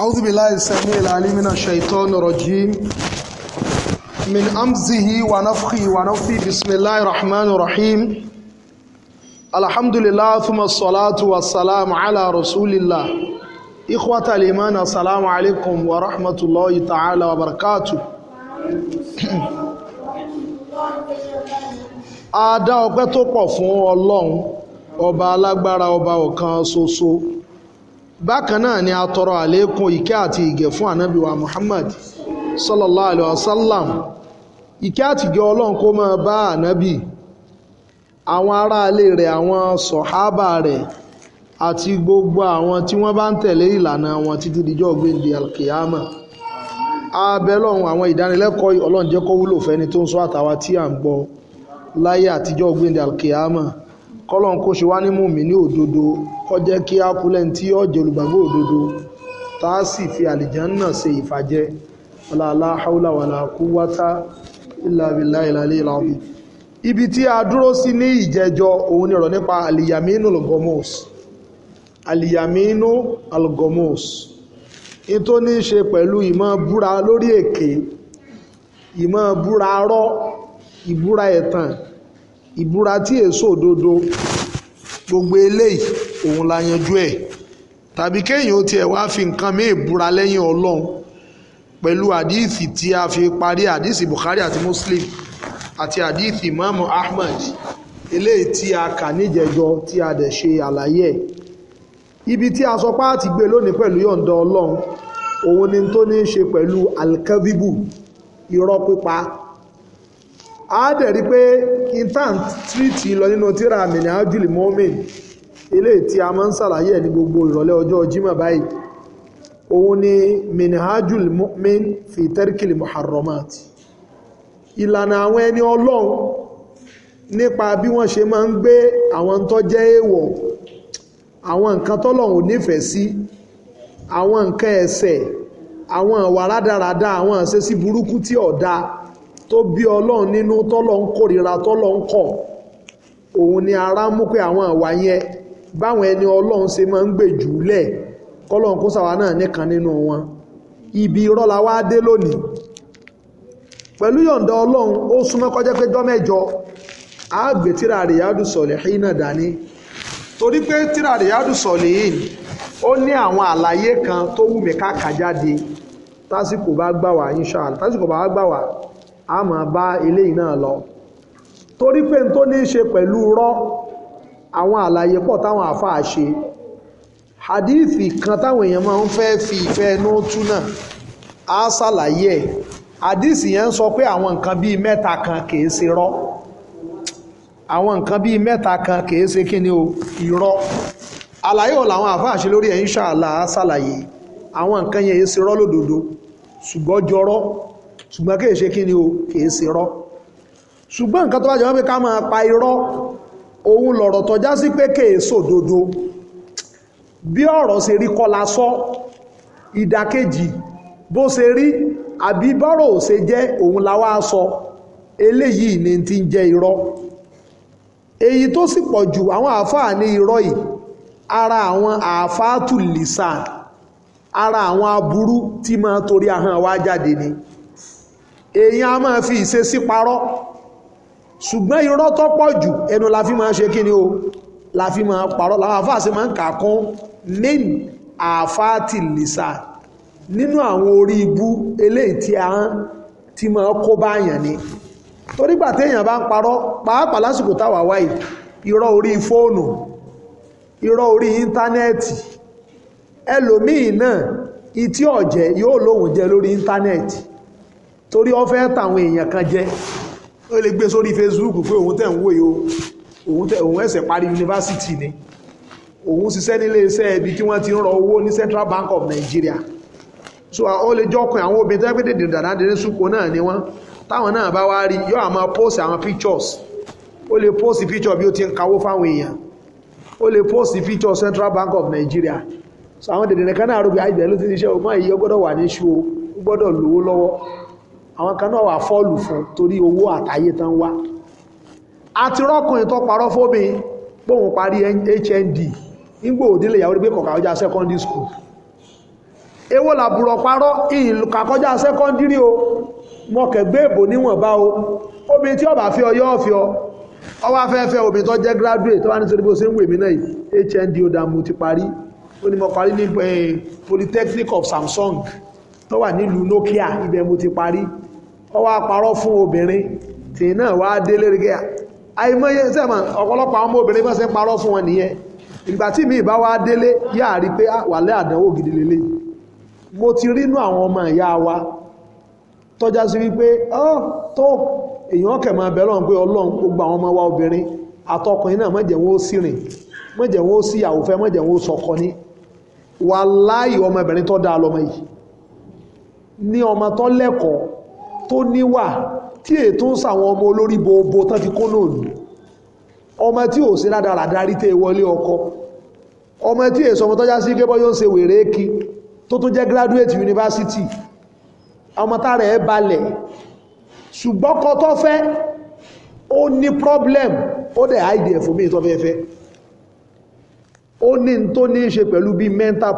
أعوذ بالله السميع العليم من الشيطان الرجيم من أمزه ونفخه ونفثه بسم الله الرحمن الرحيم الحمد لله ثم الصلاة والسلام على رسول الله إخوة الإيمان السلام عليكم ورحمة الله تعالى وبركاته a dá ọpẹ́ tó pọ̀ fún ọlọ́run ọba alágbára ọba ọ̀kan ṣoṣo bákan náà ni a tọrọ àlékún ìkẹ́ àti ìgẹ̀ fún Muhammad sallallahu alaihi wasallam ìkẹ́ àti ọlọ́run kó máa bá ànábì àwọn aráalé rẹ̀ àwọn sọ̀hábà rẹ̀ àti gbogbo àwọn tí wọ́n bá ń tẹ̀lé ìlànà wọn títí alkiyama àwọn ìdánilẹ́kọ̀ọ́ ọlọ́run wúlò fẹ́ni tó ń sọ tí à ń gbọ́ láyé àtijọ́ kọ́lọ́n kó ṣe wá ní mùmínì òdodo kó jẹ́ kí á kú lẹ́ni tí yóò jẹ́ olùgbàgbọ́ òdodo tá a sì fi àlìjánná se ìfàjẹ́ ọ̀làlá haúlà wàlà kú wátá ìlàbílà ìlàlẹ́ ìlàbí ibi tí a dúró sí ní ìjẹjọ òun ni ọ̀rọ̀ nípa aliyaminu algomos aliyaminu algomos in tó ní ṣe pẹ̀lú ìmọ̀ búra lórí èké ìmọ̀ búra rọ́ ìbúra ẹ̀tàn ìbúra tí èso òdodo gbogbo eléyìí òun la yanjú ẹ̀ tàbí kéèyàn ó tiẹ̀ wá fi nǹkan míì búra lẹ́yìn ọlọ́run pẹ̀lú àdíìsì tí a fi parí àdíìsì Bukhari àti Muslim àti àdíìsì Imam Ahmed, eléyìí tí a kà níjẹjọ tí a dẹ̀ ṣe àlàyé ẹ̀ ibi tí a sọ pé gbé lónìí pẹ̀lú yọ̀ǹda ọlọ́run òun ni tó ní í ṣe pẹ̀lú alkavibu irọ́ pípa á pe pé intan tírìtì lọ nínú tíra àmìnì ájúlì mọ́mìn a máa ń ṣàlàyé ní gbogbo ìrọ̀lẹ́ ọjọ́ bai báyìí òun ni minhajul mu'min fi tẹ́ríkìlì muharramat ìlànà àwọn ẹni ọlọ́run nípa bí wọ́n ṣe máa ń gbé àwọn tó jẹ́ èèwọ̀ àwọn nǹkan tọ́lọ́run ò nífẹ̀ẹ́ sí àwọn nǹkan àwọn tó bí ọlọ́run nínú tọ́lọ̀ ń kórìíra tọ́lọ̀ ń kọ̀ òun ni ara mú pé àwọn àwa yẹn báwọn ẹni ọlọ́run ṣe máa ń gbè jù lẹ̀ kọ́lọ́run kó sàwà náà nìkan nínú wọn ibi irọ́ la wá dé lónìí pẹ̀lú yọ̀ǹda ọlọ́run ó súnmọ́ kọjá pé jọ́ mẹ́jọ àgbè tíra Riyadu Solihin náà dání torí pé tíra Riyadu Solihin ó ní àwọn àlàyé kan tó wù mí ká jáde tásìkò bá gbà wá inshallah tásìkò bá gbà wá a ma bá eléyìí náà lọ torí pé n tó ní í ṣe pẹ̀lú rọ́ àwọn àlàyé pọ̀ táwọn àáfàá ṣe hadithi kan táwọn èèyàn máa ń fẹ́ fi ìfẹ́ inú tú náà á ṣàlàyé hadithi yẹn ń sọ pé àwọn nǹkan bíi mẹ́ta kan kìí ṣe rọ́ àwọn nǹkan bíi mẹ́ta kan kìí ṣe kí ni o irọ́ àlàyé ò làwọn àáfàá ṣe lórí ẹ̀ ṣàlàyé àwọn nǹkan yẹn ṣe rọ́ lódodo ṣùgbọ́n jọrọ́ ṣùgbọ́n kìí ṣe kí ni o kìí ṣe rọ́ ṣùgbọ́n nǹkan tó bá jẹ́ wọ́n pé ká máa pa irọ́ òun lọ̀rọ̀ tọ́já sí pé kìí sòdodo bí ọ̀rọ̀ ṣe rí kọ́ sọ ìdàkejì bó ṣe rí àbí bọ́rọ̀ ò ṣe jẹ́ òun la wá sọ eléyìí ni ti ń jẹ́ irọ́ èyí tó sì pọ̀ jù àwọn àáfàá ní irọ́ yìí ara àwọn àáfàá tùlìsàn ara àwọn aburú tí máa torí ahọ́n wa jáde ni èèyàn a máa fi ìṣe sí parọ́ ṣùgbọ́n irọ́ tó pọ̀ jù ẹnu la fi máa ṣe kí ni o la fi máa parọ́ làwọn àfáà sì máa ń kà kún main àfáàtì lìsà nínú àwọn orí ibú eléyìí tí a ń tí máa kó báyàn ni torígbà téèyàn bá ń parọ́ pàápàá lásìkò táwa wáyé irọ́ orí fóònù irọ́ orí íńtánẹ́ẹ̀tì ẹlòmíì náà ìtí ọ̀jẹ̀ yóò lóhùn jẹ lórí íńtánẹ́ẹ̀tì torí ó fẹ́ tàwọn èèyàn kan jẹ ó lè gbé sórí Facebook pé òun tẹ̀ ń wò yìí òun ẹ̀sẹ̀ parí yunifásitì ni òun ṣiṣẹ́ nílé iṣẹ́ ibi tí wọ́n ti ń rọ owó ní Central Bank of Nigeria so ó lè jọkùn àwọn obìnrin tẹ́gbẹ́ dèdè dàdádẹ́rẹ́ súnpọ̀ náà ni wọ́n táwọn náà bá wá rí yóò àmọ́ post àwọn pictures ó lè post picture bí ó ti ń kawó fáwọn èèyàn ó lè post picture Central Bank of Nigeria so àwọn dèdè nìkan náà rò bí àìbẹ̀ ló ti ṣiṣẹ́ ọmọ yìí ó gbọ́dọ̀ wà ní ṣu ó gbọ́dọ̀ lówó lọ́wọ́ àwọn kan náà wà fọ́ọ̀lù fún torí owó àtayé tán wá àti rọ́kùnrin tó parọ́ fóbi bóun parí HND nígbò òdílé ìyàwó rí pé kọ̀kà ọjà secondary school èwo làbùrọ̀ parọ́ ìlú kàkọjá secondary o mọ̀kẹ̀gbé ìbò níwọ̀nba o obìnrin tí ọba fi ọyọ́ ọ̀fi ọwá fẹ́fẹ́ obìnrin tó jẹ́ graduate tó wá nítorí bó ṣe ń wè HND ó dàmú ti parí ó ní eh, of Samsung tó wà nílùú Nokia ibẹ̀ mo ti parí ọwọ́ àparọ́ fún obìnrin tí náà wá délé rígẹ́ àìmọye sẹ́mọ̀ ọ̀pọ̀lọpọ̀ àwọn obìnrin bá ṣe parọ́ fún wọn nìyẹn ìgbà tí mi ìbá wá délé yáà rí pé ah, wàlẹ́ àdánwò gidi lélẹ̀ mo ti rínú àwọn ọmọ ìyá wa tọ́já sí wípé ọ́ oh, tó èèyàn kẹ̀mọ́ abẹ́ lọ́n pé ọlọ́run gbogbo àwọn ọmọ wa obìnrin àtọkùnrin náà mọ̀jẹ̀ wọn ó sì rìn mọ̀jẹ̀ wọn ó sì yàwó fẹ́ mọ̀jẹ̀ wọn ó sọkọ tó dáa lọmọ yìí ní ọmọ tó lẹ́kọ̀ọ́ tó níwà tí ètò ń sàwọn ọmọ olórí bobo tán ti kó náà ọmọ tí ò sí ládàrà darí tẹ́ ọkọ ọmọ tí èso sọmọ tọ́já sí gébọ́ yóò se wèrè tó tún jẹ́ graduate university ọmọ tá rẹ̀ balẹ̀ ṣùgbọ́n kọ́ tó fẹ́ ó ní problem ó dẹ̀ mi ó ní tó ní ṣe pẹ̀lú bí mental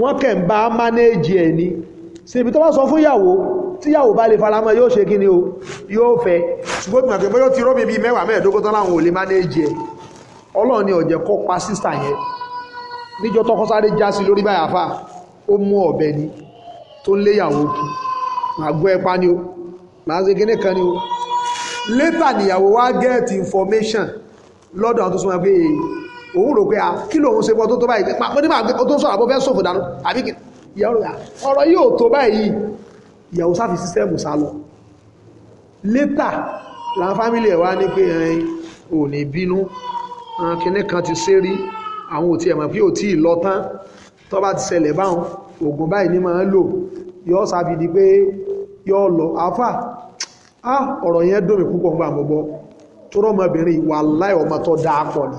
wọ́n kẹ̀ ń bá mánéèjì ẹ̀ ni síbi tó bá sọ fún ìyàwó tíyàwó bá lè faramọ́ yóò ṣe kí ni o yóò fẹ́ ṣùgbọ́n ìgbà tó bá yóò ti rọ́bì bíi mẹ́wàá mẹ́ẹ̀ẹ́dógún tán láwọn ò lè mánéèjì ẹ̀ ọlọ́run ni ọ̀jẹ̀ kọ́ pa sísà yẹn níjọ́ tọkọ já sí lórí báyà get information lọ́dọ̀ àwọn tó súnmọ́ pé òun rò pé a ah, kí lòun ṣe fọ́ tó tó báyìí pé nígbà tó ń sọ̀rọ̀ àbọ̀ fẹ́ sòfò dànù àbí ìyàwó rẹ̀ ọ̀rọ̀ yóò tó báyìí ìyàwó sáfi sísẹ́mù sá lọ létà làwọn fámílì ẹ̀ wá ní pé ẹ̀yìn ò ní bínú kinní kan ti ṣe rí àwọn ò tiẹ̀ mọ̀ pé ò tí ì lọ tán tó bá ti ṣẹlẹ̀ báwọn oògùn báyìí ní máa ń lò yóò sáfi di pé yóò lọ àáfà ah, ọ̀rọ̀ yẹn dùn mí púpọ̀ ń gbà mọ́ tó rọ́mọbìnrin wà láì ọmọ tó dáa pọ̀ ni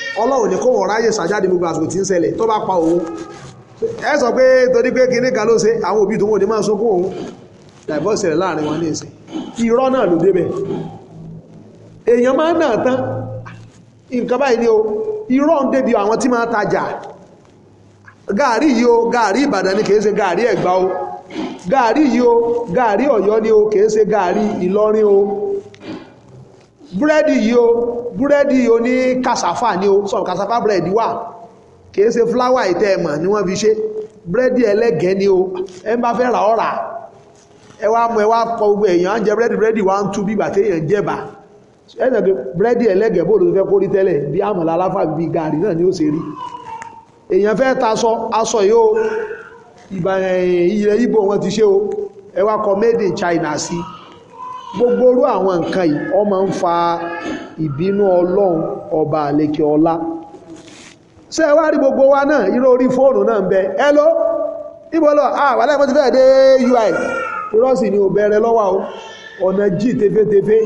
ọlọ́run ní kó wọ́n ráyè sàjáde gbogbo àsìkò tí ń ṣẹlẹ̀ tó bá pa òun ẹ sọ pé torí pé kinní kan ló ṣe àwọn òbí tó wọ́n ní máa sunkún òun divorce láàrin wọn ní ìsìn irọ́ náà ló débẹ̀ èèyàn máa ń nà tán nǹkan báyìí ni o irọ́ ń débi àwọn tí máa tajà gàárì yìí o gàárì ìbàdàn ni kìí ṣe gàárì ẹ̀gbá o gàárì yìí o gàárì ọ̀yọ́ ni o kìí ṣe gàárì ìlọrin o búrẹ́dì yìí o búrẹ́dì yìí o ní kàsáfà ní o sọ kàsáfà búrẹ́dì wà kìí ṣe fúláwà ìtẹ́ ẹ̀mọ̀ ni wọ́n fi ṣe búrẹ́dì ẹlẹ́gẹ̀ẹ́ ni o ẹ ń bá fẹ́ ra ọ̀rà ẹ wá mọ ẹ wá pọ gbogbo èèyàn jẹ búrẹ́dì búrẹ́dì wà ń tú bí bàtẹ́ èèyàn jẹba ẹ̀sẹ̀ pé búrẹ́dì ẹlẹ́gẹ̀ẹ́ bó ló fẹ́ kórí tẹ́lẹ̀ bí àmàlà aláfà bíi gàrí náà ni ó ṣe rí èèyàn fẹ́ ta aṣọ aṣọ yìí o ìbàrẹ̀ eh, ilẹ̀ Ìgbò wọn ti ṣe o ẹ wá kọ made in China sí i gbogbo orú àwọn nǹkan yìí ọ máa ń fa ìbínú ọlọ́run ọba àlekè ọlá wá rí gbogbo wa náà irú orí fóònù náà ń bẹ ẹ ló ibo lọ ti fẹ́ dé ui rọ́ọ̀sì ni ò bẹ̀rẹ̀ lọ́wọ́ o ọ̀nà tefetefe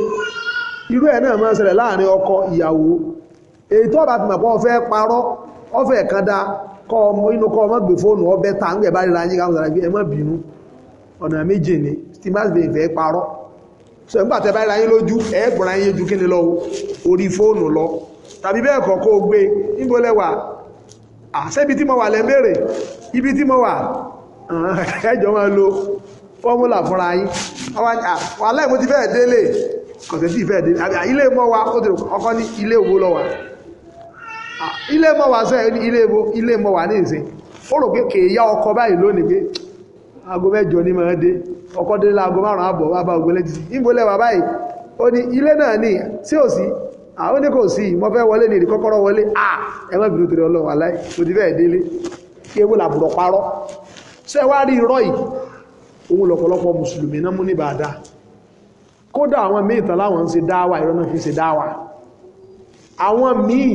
irú ẹ̀ náà máa ọkọ ìyàwó èyí tó bá fi mọ̀ pé ọ fẹ́ parọ́ ọmọ inú kọ́ ọmọ ta ń gbẹ̀ bá yín káwọn sàrà ẹ má bínú ọ̀nà méjì ni so nígbà tẹ́ bá ra lójú ẹ̀ẹ́gbọ̀n ra yín ju kí ni lọ orí fóònù lọ tàbí bẹ́ẹ̀ kọ̀ọ̀kọ́ o gbé níbo lẹ́wà tí mo wà ibi tí mo wà ẹjọ́ máa lo fọ́múlà fúnra yín wà láì mo ti fẹ́ẹ̀ délé kọ̀tẹ́ tí fẹ́ẹ̀ délé ilé mọ́ wa ó ní ilé òwò lọ́wà ilé mọ́ wa sẹ́yìn ilé mọ́ wa ní ìsìn ó rò pé kèèyà aago mẹ́jọ ní máa dé ọkọ̀ délé aago márùn-ún àbọ̀ wá bá ògbó lẹ́jì sí ìbò lẹ́wà báyìí ó ní ilé náà ní sí òsì àwọn ní kò sí mo fẹ́ wọlé ní ìdíkọ́kọ́rọ́ wọlé à ẹ má bínú torí ọlọ́run aláì mo ti fẹ́ẹ̀ délé kí ewu làbùrọ̀ parọ́ ṣé wá rí irọ́ yìí òun lọ̀pọ̀lọpọ̀ mùsùlùmí náà mú àwọn míì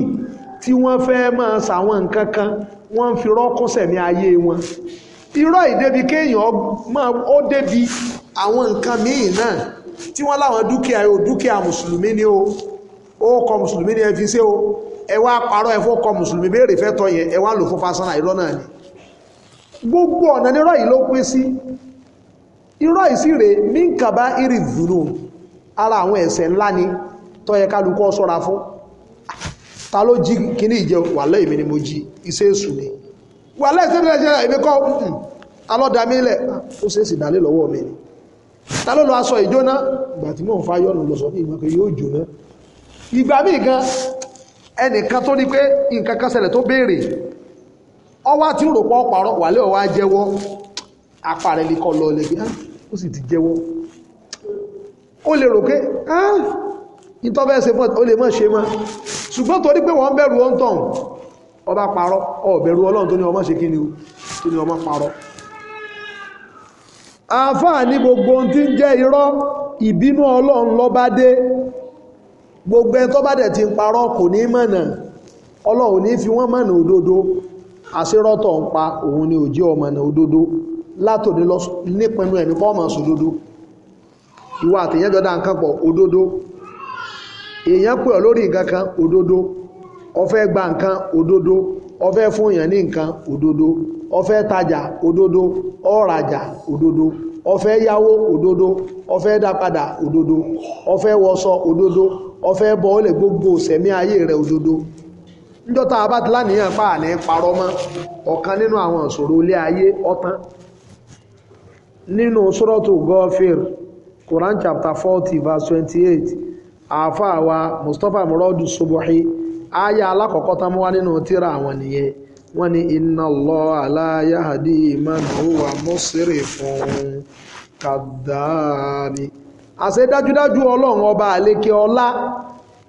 tí wọ́n fẹ́ máa ṣàwọn nǹkan kan wọ́n fi rọ́kùn sẹ̀mí ayé wọn irọ́ ìdébi kéèyàn máa ó débi àwọn nǹkan míì náà tí wọ́n láwọn dúkìá o dúkìá ni o ó kọ mùsùlùmí ni o ẹ wá parọ́ kọ mùsùlùmí béèrè fẹ́ tọ́ yẹn ẹ lò gbogbo ọ̀nà ni i yìí ló pín sí irọ́ ìsíre mínkàbá irì dùnú ara àwọn ese ńlá ni tó yẹ kálukú fún ta ló jí ni wà lẹ́sẹ̀ nílẹ̀ jẹ́ èmi kọ́ mm, mm, alọ́dàmílẹ̀ ah, ó ṣe é sì dálé lọ́wọ́ mi ni ta ló lọ aṣọ ìjóná ìgbà tí mò ń fa yọ́nù lọ sọ fún ìmọ̀ pé yóò jóná ìgbà míì gan ẹnìkan tó ní pé nǹkan kan ṣẹlẹ̀ tó béèrè ọwá tí ó rò pọ̀ pàrọ̀ wà lé ọwá jẹ́wọ́ apàrẹ lè kọ́ lọ lẹ́gbẹ́ ah, ó sì ti jẹ́wọ́ ó lè rò pé ìtọ́fẹ́ ah, ṣe fún ọ lè mọ̀ ṣe mọ́ ṣùgbọ́n torí pé wọ́n bẹ̀rù ọ́ntọ̀hún ọba parọ́ ọ̀bẹ̀rù ọlọ́run tó ní ọmọ ṣe kíni tó ní ọmọ parọ́ àáfàá ní gbogbo ohun tí ń jẹ́ irọ́ ìbínú ọlọ́run ló bá dé gbogbo ẹ tó bá dẹ̀ ti ń parọ́ kò ní mọ̀nà ọlọ́run ní fi wọ́n mọ̀nà òdodo àṣírọ́tọ̀ ń pa òun ni òjí ọmọ̀nà òdodo látòdí lọ nípinnu ẹ̀mí pọ́ọ̀mọ̀ sòdodo ìwà ó fẹ́ gba nǹkan òdodo ó fẹ́ fún èèyàn ní nǹkan òdodo ó fẹ́ tajà òdodo ó rajà òdodo ó fẹ́ yáwó òdodo ó fẹ́ òdodo ó wọṣọ òdodo ó bọ́ ó gbogbo sẹ̀mí ayé rẹ̀ òdodo níjọ́ta bá ti láníyàn pa àní parọ́ mọ́ ọ̀kan nínú àwọn ìṣòro ilé ayé ọ̀tán nínú sọ́rọ̀tù gọ́ọ̀fẹ́r Quran chapter forty verse twenty eight àáfàá wa Mustapha muradu subuhi aya alakọkọta tá mú wá nínú tíra àwọn nìyẹn wọ́n ní inna Allaha la man huwa musrifun kadhabi àṣẹ dájúdájú ọba àlékè ọlá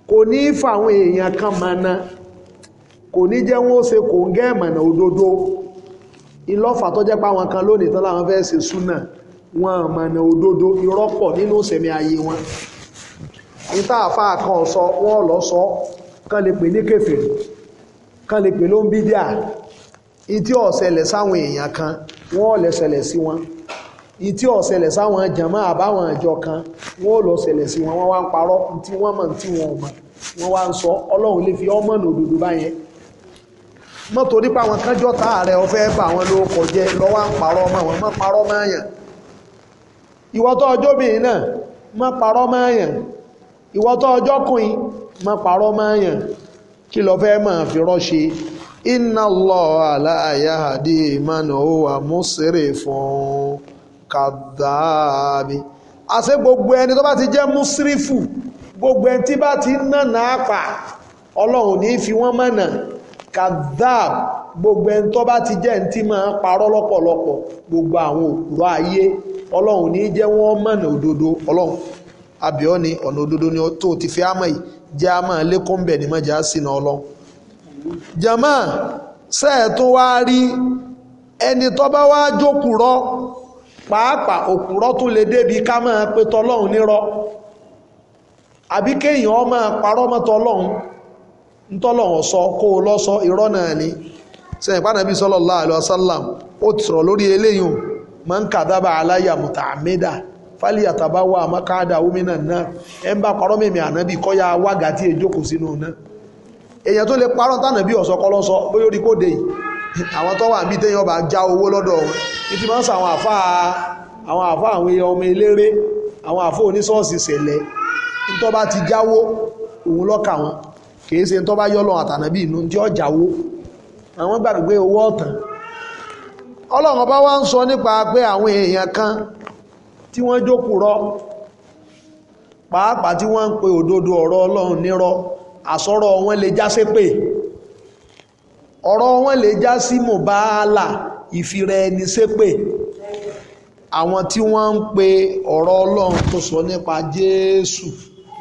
kò ní fa àwọn èèyàn kan mana kò ní jẹ́ wọ́n ṣe kò ń ìmọ̀nà òdodo ìlọ́fà tó jẹ́ pa àwọn kan lónìí tán láwọn fẹ́ suna, súnà wọn mọ̀nà òdodo irọ́ pọ̀ nínú ayé wọn lọ sọ kán lè pè ní kèfèrí kán lè pè ló ń bídíà ìtí ọ̀sẹ̀lẹ̀ sáwọn èèyàn kan wọ́n lè ṣẹlẹ̀ sí wọn ìtí ọ̀sẹ̀lẹ̀ sáwọn jàmáà àbáwọn ìjọ kan wọ́n lọ ṣẹlẹ̀ sí wọn wọ́n wá ń parọ́ tí wọ́n mọ̀ tí wọ́n mọ̀ wọ́n wá ń sọ ọlọ́run lè fi ọmọ nà òdòdó báyẹn mọ́ torí pa àwọn kánjọ́ tá ààrẹ ọ̀fẹ́ bá àwọn ló kọjẹ́ lọ́wọ́ ń parọ́ mọ́ àwọn mọ́ parọ́ mọ́ àyàn ìwọ́tọ́ ọjọ́ bìnrin náà mọ́ parọ́ mọ́ àyàn ìwọ́tọ́ ọjọ́ kùnrin má parọ́ mọ́yàn kí lọ fẹ́ máa fi rọ́ṣe inna Allaha la yahdi man huwa musrifun kadhabi àṣẹ gbogbo ẹni tó bá ti jẹ́ musrifu gbogbo ẹni tí bá ti nànà àpà ọlọ́run ní fi wọ́n mọ̀nà kadhab gbogbo ẹni tó bá ti jẹ́ ẹni tí máa parọ́ lọ́pọ̀lọpọ̀ gbogbo àwọn òkúrọ̀ ayé ọlọ́run ní jẹ́ wọ́n mọ̀nà òdodo ọlọ́run abíọ́ ni ọ̀nà òdodo ni tó ti fi ama yìí jẹ́ ama lẹ́kọ́ ń bẹ̀ ní mọ́jà sí náà lọ. jama sẹ́ẹ̀ wá rí ẹni tó bá wá jókùrọ́ pàápàá òkùrọ́ tó lè débi ká máa pe tọlọ́hun nírọ́ àbí kéèyàn ọmọ parọ́ mọ́ tọlọ́hun ntọ́lọ́hun sọ kó o lọ sọ irọ́ náà ni sẹ́yìn pàdánù sallallahu alaihi wasallam ó ti sọ̀rọ̀ lórí eléyìí man kadaba alayya muta'amida Fali àtàbá wà àmọ́ káàdà omínà náà ẹ ń bá parọ́ mèmí ànábì kọ́yà tí sínú náà èèyàn tó lè parọ́ tànàbí ọ̀sọ́ kọ́ bóyá orí dé yìí àwọn tó wà níbi téèyàn bá já owó lọ́dọ̀ wọn ti máa ń sàwọn àfa àwọn àfa àwọn èèyàn ọmọ eléré àwọn àfa oníṣọ́ọ̀sì ṣẹlẹ̀ bá ti jáwó òun lọ́kà wọn kìí ṣe tó bá yọ́lọ́ àtànàbí inú tí ó jáwó àwọn gbàgbé owó ọ̀tàn ọlọ́run bá wá ń sọ tí wọ́n jókòó rọ pàápàá tí wọ́n ń pe òdodo ọ̀rọ̀ ọlọ́run nírọ́ àsọ̀rọ̀ wọn lè já sí pé ọ̀rọ̀ wọn lè já sí mùbáàlà ìfira ẹni sí pé àwọn tí wọ́n ń pe ọ̀rọ̀ ọlọ́run tó sọ nípa Jésù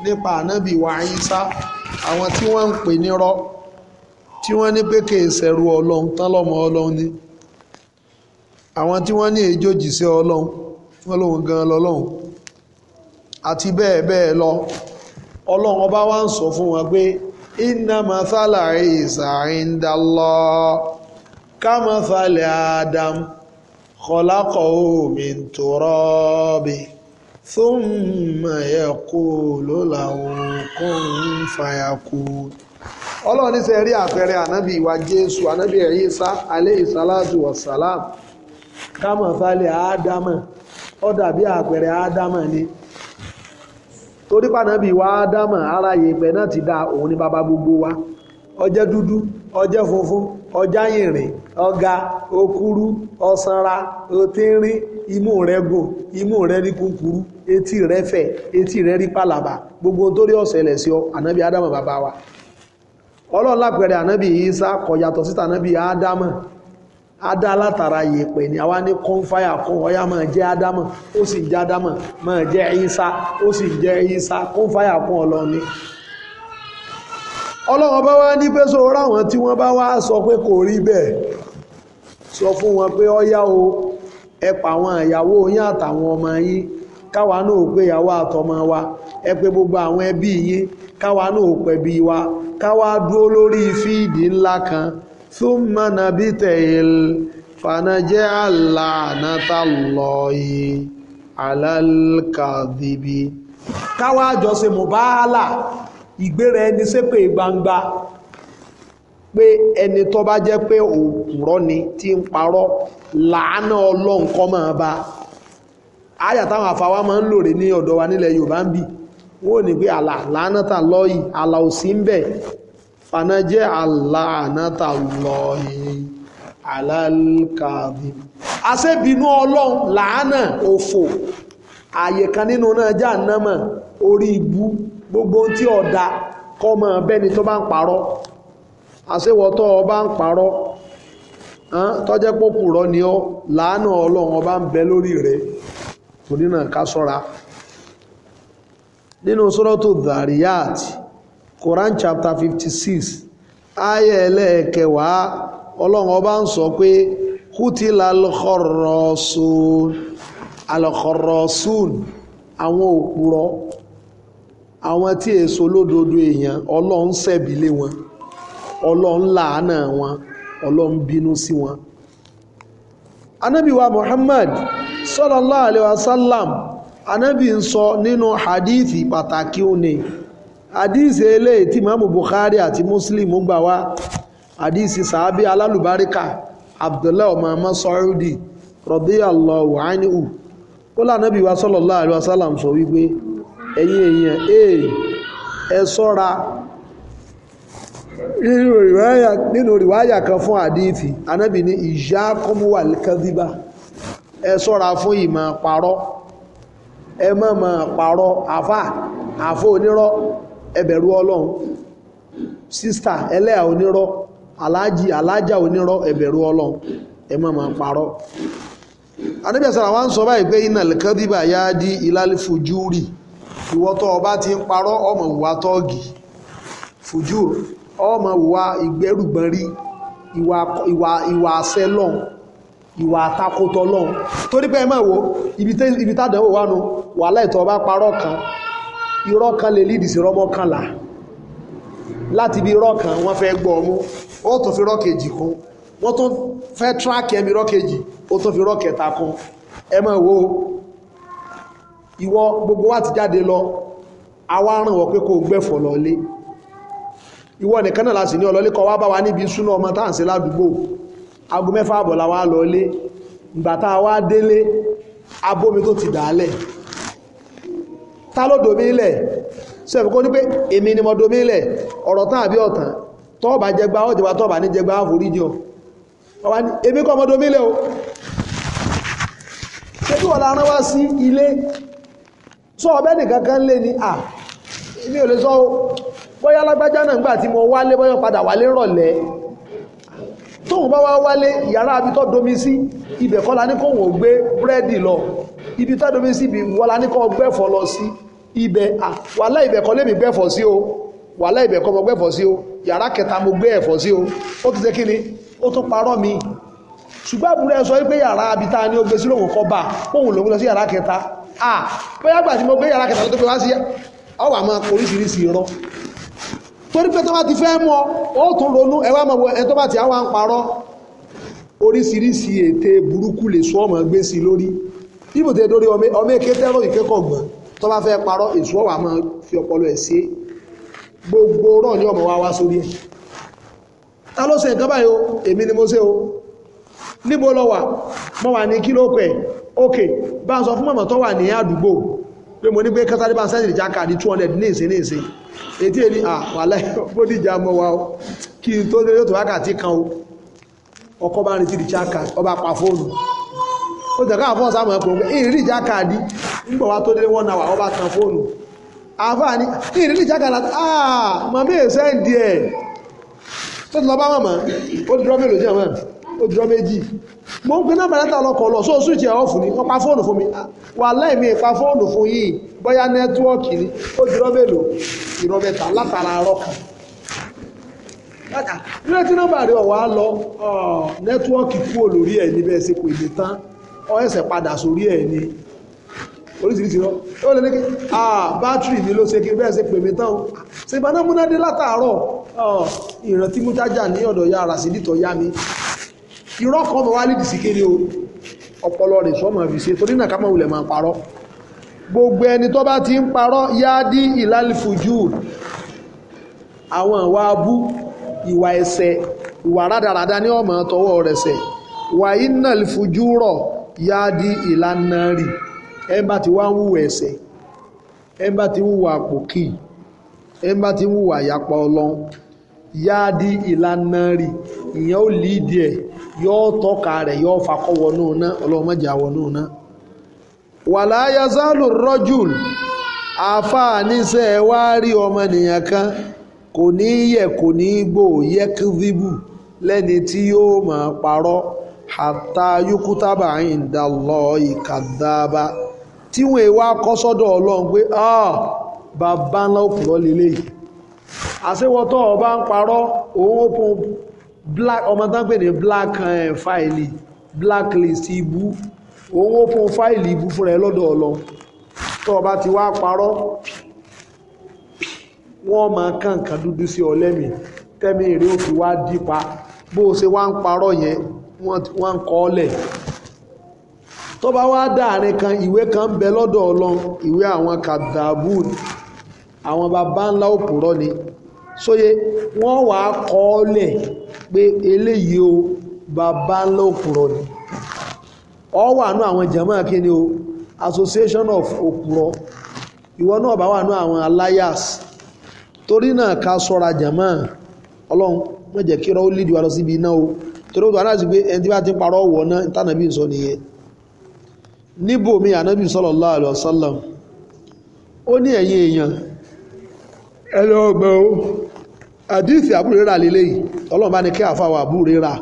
nípa ànábì wa Ìsá àwọn tí wọ́n ń pè nírọ́ tí wọ́n ní pé kèé ṣẹ̀rù ọlọ́run tán lọ́mọ ọlọ́run ni àwọn tí wọ́n ní èjòjì sí ọlọ́run wọ́n lóhun gan lọ́lọ́hun àti bẹ́ẹ̀ bẹ́ẹ̀ lọ ọlọ́run ọba wa ń sọ fún wọn pé inna mathala Isa inda Allah kamathali Adam khalaqahu min turabi thumma yaqulu lahu kun fayakun ọlọ́run ní sẹ́ rí àpẹẹrẹ ànábì ìwà jésù ànábì Isa alayhi salatu wassalam kamathali Adama ó dàbí àpẹẹrẹ ádámà ni torí pàdánù bíi ádámà ara yèèpẹ̀ náà ti da òun ní bàbá gbogbo wa Ọjẹ́ dúdú ọjẹ́ jẹ́ funfun ó jẹ́ yìnrìn ọ̀gá okúrú ọ̀sanra otínrín imú rẹ̀ gùn imú rẹ̀ rí kúkúrú etí rẹ̀ fẹ̀ etí rẹ̀ rí pàlàbà gbogbo torí ọ̀sẹ̀lẹ̀ sí ọ ànábì ádámà bàbá wa ọlọ́run lápẹẹrẹ ànábì Ìsá kò yàtọ̀ síta ànábì ádámà adá látara yèpẹ̀ ni àwa ní kọ́nfàyà fún ọyá máa jẹ́ ádámọ̀ ó sì jẹ́ ádámọ̀ máa jẹ́ ìsá ó sì jẹ́ ìsá kọ́nfàyà fún ọlọ́ni ọlọ́wọ́n bá wá ní pé sọ ráwọn tí wọ́n bá wá sọ pé kò rí bẹ́ẹ̀ sọ fún wọn pé ọyá o ẹ pa àwọn ìyàwó yín àtàwọn ọmọ yín káwa náà pé ìyàwó àtọmọ wa ẹ pé gbogbo àwọn ẹbí yín káwa náà pẹ̀bí wa káwa dúró lórí fíìdì ńlá kan thumma nabitahil fanaj'al la'natallahi 'alal kadhibi káwá àjọṣe mùbáálà ìgbéra ẹni ṣépè gbangba pé ẹni tó bá jẹ́ pé òpùrọ́ ni tí ń parọ́ làánà ọlọ́run kọ́ máa bá àyà táwọn àfàwà máa ń lòrè ní ọ̀dọ̀ wa nílẹ̀ yorùbá ń bì wọ́n ní pé àlà làánà tà lọ́yì àlà òsì ń bẹ̀ fanajẹ́ aláàánátà lọ́ọ̀hìn alálkàdìm asẹ́bìnú ọlọ́run làánà òfò ààyè kan nínú náà já námà orí ibú gbogbo tí ọ̀dà kọmọ bẹ́ni tó bá ń parọ́ àṣewọ́tọ́ ọba ń parọ́ tọ́jẹ́ pòpùrọ́ ni ọ làánà ọlọ́run ọba ń bẹ lórí rẹ̀ torí náà ká sọ́ra nínú dàríyàtì Quran chapter fifty six ayé ẹlẹ́ẹ̀kẹwàá ọlọ́run ọba ń sọ pé kútìlá alkhorosun alkhorosun àwọn òpùrọ́ àwọn tí èso lódodo èèyàn ọlọ́run ṣẹ̀bi lé wọn ọlọ́run làánà wọn ọlọ́run bínú sí wọn. anábìwa Muhammad sallallahu alayhi wa sallam anábì ń sọ nínú hadithi pàtàkì òní àdíìsì eléyìí tí Imam Bukhari àti Muslim gbà wá àdíìsì sàábí alálùbáríkà Abdullah ọmọ ọmọ Saudi radiyallahu anhu ó lànàbí wa sallallahu alaihi wasallam sọ wípé ẹ̀yin èèyàn ee eh, ẹ sọ́ra nínú rìwáyà kan fún àdíìfì anábì ní iyyakum wal kadhiba ẹ sọ́ra fún ìmọ̀ parọ́ ẹ má má parọ́ àfà àfò onírọ́ ẹ bẹ̀rù ọlọ́run sísítà ẹlẹ́yà onírọ́ aláàjì aláàjà onírọ́ ẹ bẹ̀rù ọlọ́run ẹ má máa parọ́ Ànábì sallallahu alaihi wasallam sọ báyìí pé innal kadhiba yahdi ilal fujuri ìwọ tó bá ti ń parọ́ ọmọ ìwà tọ́ọ̀gì fujur ọmọ ìwà ìgbẹ́rùgbọ́n rí ìwà àṣẹ lọ́n ìwà àtakótọ́ lọ́n torí pé ẹ wo ibi tádàwò wánu wàhálà ìtọ́ bá parọ́ kan irọ́ kan lè lídì sí rọ́mọ́kànlá láti bí rọ́kan wọ́n fẹ́ gbọ́ ọmú ó tún fi rọ́kejì kún wọ́n tún fẹ́ tíráàkì ẹ̀mí rọ́kejì ó tún fi rọ́kẹta kún ẹ mọ̀ wo ìwọ gbogbo wa ti jáde lọ àwa ràn wọ́n pé kó gbẹ̀fọ̀ lọ́lé ìwọ nìkan náà láti ní ọlọ́lé kọ wá bá wa níbi súná ọmọ tá à ń ṣe ládùúgbò aago mẹ́fà àbọ̀ la wá lọ́lé ìgbà tá a wá délé abómi tó ti dàálẹ̀ ta ló domi ilẹ̀ sẹ́fù kó ní pé èmi ni mo domi ilẹ̀ ọ̀rọ̀ tán àbí ọ̀tàn tọ́ọ̀bà jẹgba ọ̀jẹ̀wà tọ́ọ̀bà ní jẹgba àforíjì ọ ọwá ní èmi kọ́ mo domi ilẹ̀ o ṣé kí wọ́n la rán wá sí ilé sọ ọbẹ̀ nìkan kan lé ní à èmi ò lè sọ o bóyá lágbájá náà nígbà tí mo wálé bóyá padà wálé rọ̀lẹ́ tóun bá wá wálé yàrá abitọ́ domi sí ibẹ̀ kọ́ la ní kóun ò gbé búrẹ́dì lọ ibi tẹ́lómi sí ibi wọlá ní kọ́ gbẹ̀fọ́ lọ sí ibẹ̀ wàhálà ibẹ̀ kọ́ lémi sí o wàhálà ibẹ̀ kọ́ mo gbẹ̀fọ́ sí o yàrá kẹta mo gbẹ̀fọ́ sí o ó ti ṣe kí ni ó tún parọ́ mi ṣùgbọ́n àbúrò ẹ sọ wípé yàrá abita ni ó gbé sí lòun kọ́ bá òun lòun lọ sí yàrá kẹta à bóyá gbà tí mo gbé yàrá kẹta ló tó fi wá sí ọwọ́ àmọ́ oríṣiríṣi irọ́ torí pé tó bá ti fẹ́ mọ́ ó tún ronú ẹ wá mọ̀ ẹ tó ti àwọn àǹparọ́ oríṣiríṣi ète burúkú lè sọ ọmọ gbé sí lórí ibò tẹ dórí ọmọ èké tẹ́rọ ìkẹ́kọ̀ọ́ gbọ́n tó bá fẹ́ parọ́ èso ọ̀wà máa fi ọpọlọ ẹ̀ sí gbogbo rọ̀ ní ọmọ wa wá sórí ẹ̀ ta ló ṣe nǹkan báyìí o èmi ni mo ṣe o níbo lọ wà mo wà ní kí ló pẹ̀ ókè bá ń sọ fún mọ̀mọ̀ tó wà ní àdúgbò pé mo ní pé kátàlí bá ń ní 200 ní ìsìn ní ìsìn ètí ẹni àwàlá bódìjà mọ́ wa kí n tó lé yóò tó wákàtí kan o ọkọ̀ bá ń retí ìjáka ọba pa fóònù ó tẹ̀ká àfọ́ sáàmù ẹ̀pọ̀ pé ìrírí ìjà káàdì nígbà wa tó dé wọ́n náà wà ọba kan fóònù àfáà ní ìrírí ìjà káàdì àà mọ̀ mí èsẹ́ ń di ẹ̀ tó ti lọ bá mọ̀ mọ́ ó dúró mélòó jẹ́ mọ́ ó dúró méjì mo ń pe nọ́mbà lẹ́tà ọlọ́kọ̀ lọ sóò ìjẹ́ ọ̀fù ni wọ́n pa fóònù fún mi wà láìmí ìpa fóònù fún yìí bóyá nẹ́tíwọ́ọ̀kì ni ó dúró mélòó ìrọ̀ mẹ́ta látara arọ́ kan nílẹ̀ tí nọ́mbà rẹ̀ ọ̀wá lọ ah, nẹ́tíwọ́ọ̀kì kúrò lórí ẹ̀ níbẹ̀ ṣe pèlè tán ọ ẹsẹ̀ padà sórí ẹ̀ ni oríṣiríṣi lọ ó lè ní kí ah bátìrì mi ló ṣe kí bẹ́ẹ̀ ṣe pè mí tán o ṣe ìbáná múnádé látàárọ̀ ìrántí mú jájà ní ọ̀dọ̀ ya ara sí dìtọ̀ yá mi irọ́ kan mọ̀ wá lìdì sí kéré o ọpọlọ rẹ̀ sọ́mọ̀ fi ṣe torí náà ká máa wulẹ̀ máa parọ́ gbogbo ẹni tó bá ti ń parọ́ yáàdí ìlàlìfùjú àwọn ìwà abú ìwà ẹ̀ṣẹ̀ ìwà rádaràda ní ọmọ tọwọ́ rẹ̀ ṣẹ̀ wà iná lìfùjú rọ̀ ya di rì ẹ̀mbà ti wá ń wù ẹ̀ṣẹ̀ ẹ̀mbà tí wù wà pòkì ẹ̀mbà tí wù wà yàpọ̀ ọlọ́run yáàdí ìlànà rì ìyẹn ó líìdì ẹ̀ yóò tọ́ka rẹ̀ yóò fakọ́ wọnú ná ọlọ́run má jà wọnú ná. wàlá yazalu wá rí hàtà yukutaba inda Allahi kadhaba tí wọ́n wá kọ́ sọ́dọ̀ ọlọ́run pé ah, bàbá ńlá òpùrọ́ lélẹ̀ yìí àṣewọ́tọ́ ọba ń parọ́ òun òpin ọmọ tán pè ní black eh, fáìlì blacklist ibú òun òpin fáìlì ibú fúnra ẹ lọ́dọ̀ ọlọ́run tó ọba ti wá parọ́ wọ́n máa kàǹkà dúdú sí ọlẹ́mì tẹ́mi ìrè òfin wá dípa bó o ṣe wá ń parọ́ yẹn wọ́n ń kọ́ lẹ̀ tó bá wá dáàrin kan ìwé kan ń bẹ lọ́dọ̀ ọlọ́run ìwé àwọn kadabun àwọn bàbá ńlá òpùrọ́ ni sóye wọ́n á kọ́ lẹ̀ pé eléyìí o baba ńlá òpùrọ́ ni ọ wà nú àwọn jama kíni o association of òpùrọ́ ìwọ náà bá wà nú àwọn alliance torí náà ká sọ́ra jama ọlọ́run má kí irọ́ ó lídìí lọ síbi iná o. torí ó bá sí pé ẹni tí bá ti parọ́ wọ̀ náà ìtànàbí sọ nìyẹn níbò mi ànábì sallallahu alaihi wasallam ó ní ẹ̀yin èèyàn ẹlẹ́ ọgbẹ́ o àdíìsì àbúrérà lélẹ́ yìí ọlọ́run bá ní kí àfàwà àbúrérà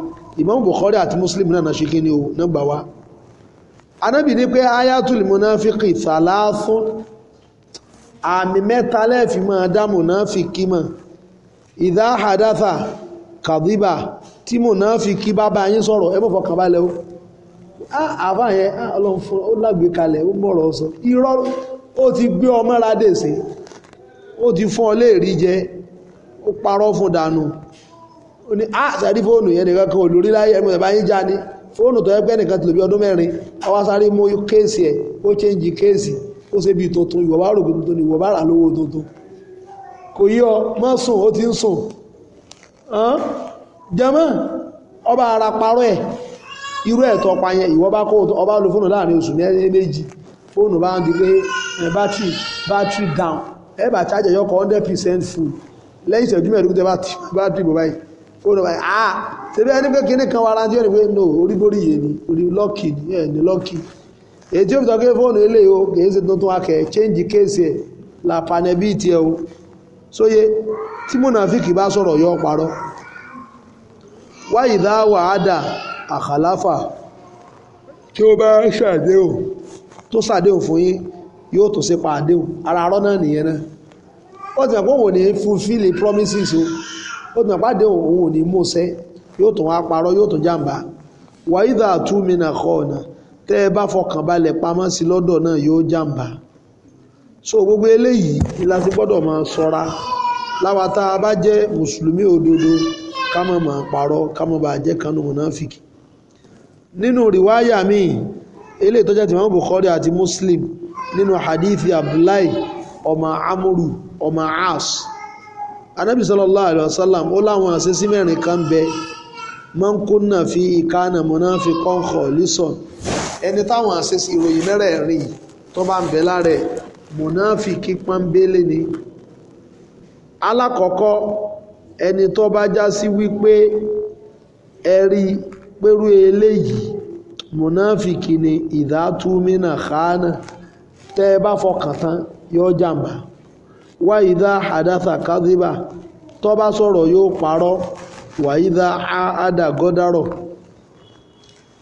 Imam Bukhari àti Muslim náà ṣe kí ni o nígbà wá ànábì ní pé ayatul munafiki thalathun àmì mẹ́ta lẹ́ẹ̀fì máa dá munafiki mọ̀ idha hadatha kàdíbà tí mò náà fi kí bàbá yín sọ̀rọ̀ ẹ mọ̀ fọkàn balẹ̀ o àbá yẹn ọlọ́run fún ó lágbè kalẹ̀ ó mọ̀rọ̀ sọ irọ́ ó ti gbé ọmọ ládè sí ó ti fún ọ léèrí jẹ ó parọ́ fún dànù ó ní á sàrí fóònù yẹn nìkan kan olórí láyé ẹ̀mọ́ ìbá yín já ni fóònù tó yẹ pé nìkan ti lò bí ọdún mẹ́rin àwa sáré mú kéèsì ẹ̀ ó chéǹjì kéèsì ó ṣe bí tuntun ìwọ bá rò pé tuntun ni ìwọ bá rà lówó tuntun kò yí ọ mọ́ ó ti ń sùn jẹmọ́ ọba ara parọ́ ẹ̀ irú ẹ̀tọ́ payẹn ìwọ bá kó ọba lo fóònù láàrin oṣù méjì fóònù bá ń di pé battery battery down ẹ bá charge yọkọ̀ 100% full lẹ́yìn ìṣẹ́jú mẹ́rin tó bá ti battery bọ̀ ah ṣebí ẹni pé kíní kan wara tí ó no orí borí ni orí lọ́ọ̀kì ni ẹ̀ ní lọ́ọ̀kì èyí tí ó fi sọ pé change case ẹ̀ làpànẹ́bí tiẹ̀ sóye tí mùnàfíkì bá sọ̀rọ̀ yọ parọ́ wáyìdá wàhádà àkàláfà tí ó bá ṣàdéhùn tó ṣàdéhùn fún yín yóò tó ṣe pa àdéhùn ara arọ́ náà nìyẹn náà ó ti mọ̀ pé òun ò ní fulfill the promises o ó ti mọ̀ pé àdéhùn òun ò ní mú ṣẹ yóò tó wá parọ́ yóò tó jàǹbá wàyídà àtúmínà kọ́ ọ̀nà tẹ́ ẹ bá fọkàn balẹ̀ pamọ́ sí lọ́dọ̀ náà yóò jàǹbá so gbogbo eléyìí ni la ti gbọ́dọ̀ máa ṣọ́ra láwa tá a bá jẹ́ mùsùlùmí òdodo ká má máa parọ́ ká má bàa jẹ́ kánú mùnáfìkì nínú rìwáyà míì eléyìí tó jẹ́ ti Imam Bukhari àti Muslim nínú hadithi Abdullahi ọmọ amúrù ọmọ as anábì sallallahu alaihi wasallam ó láwọn àṣẹ́sí mẹ́rin kan bẹ man kunna fi ìkánà munafiqan khalisan ẹni táwọn àṣẹ́sí ìròyìn mẹ́rẹ̀ẹ̀rin tó bá ń bẹ lára ẹ̀ mùnáfìkì pọ́nbélé ni alákọ̀ọ́kọ́ ẹni tó bá já sí wípé ẹ̀rí pẹ̀lú eléyìí mùnáfìkì ni ìdátúmínà kánà tẹ́ ẹ bá fọkàn tán yóò jàǹbá wá ìdá àdáta kádìbà tó bá sọ̀rọ̀ yóò parọ́ wà ìdá àádà gọ́dárọ̀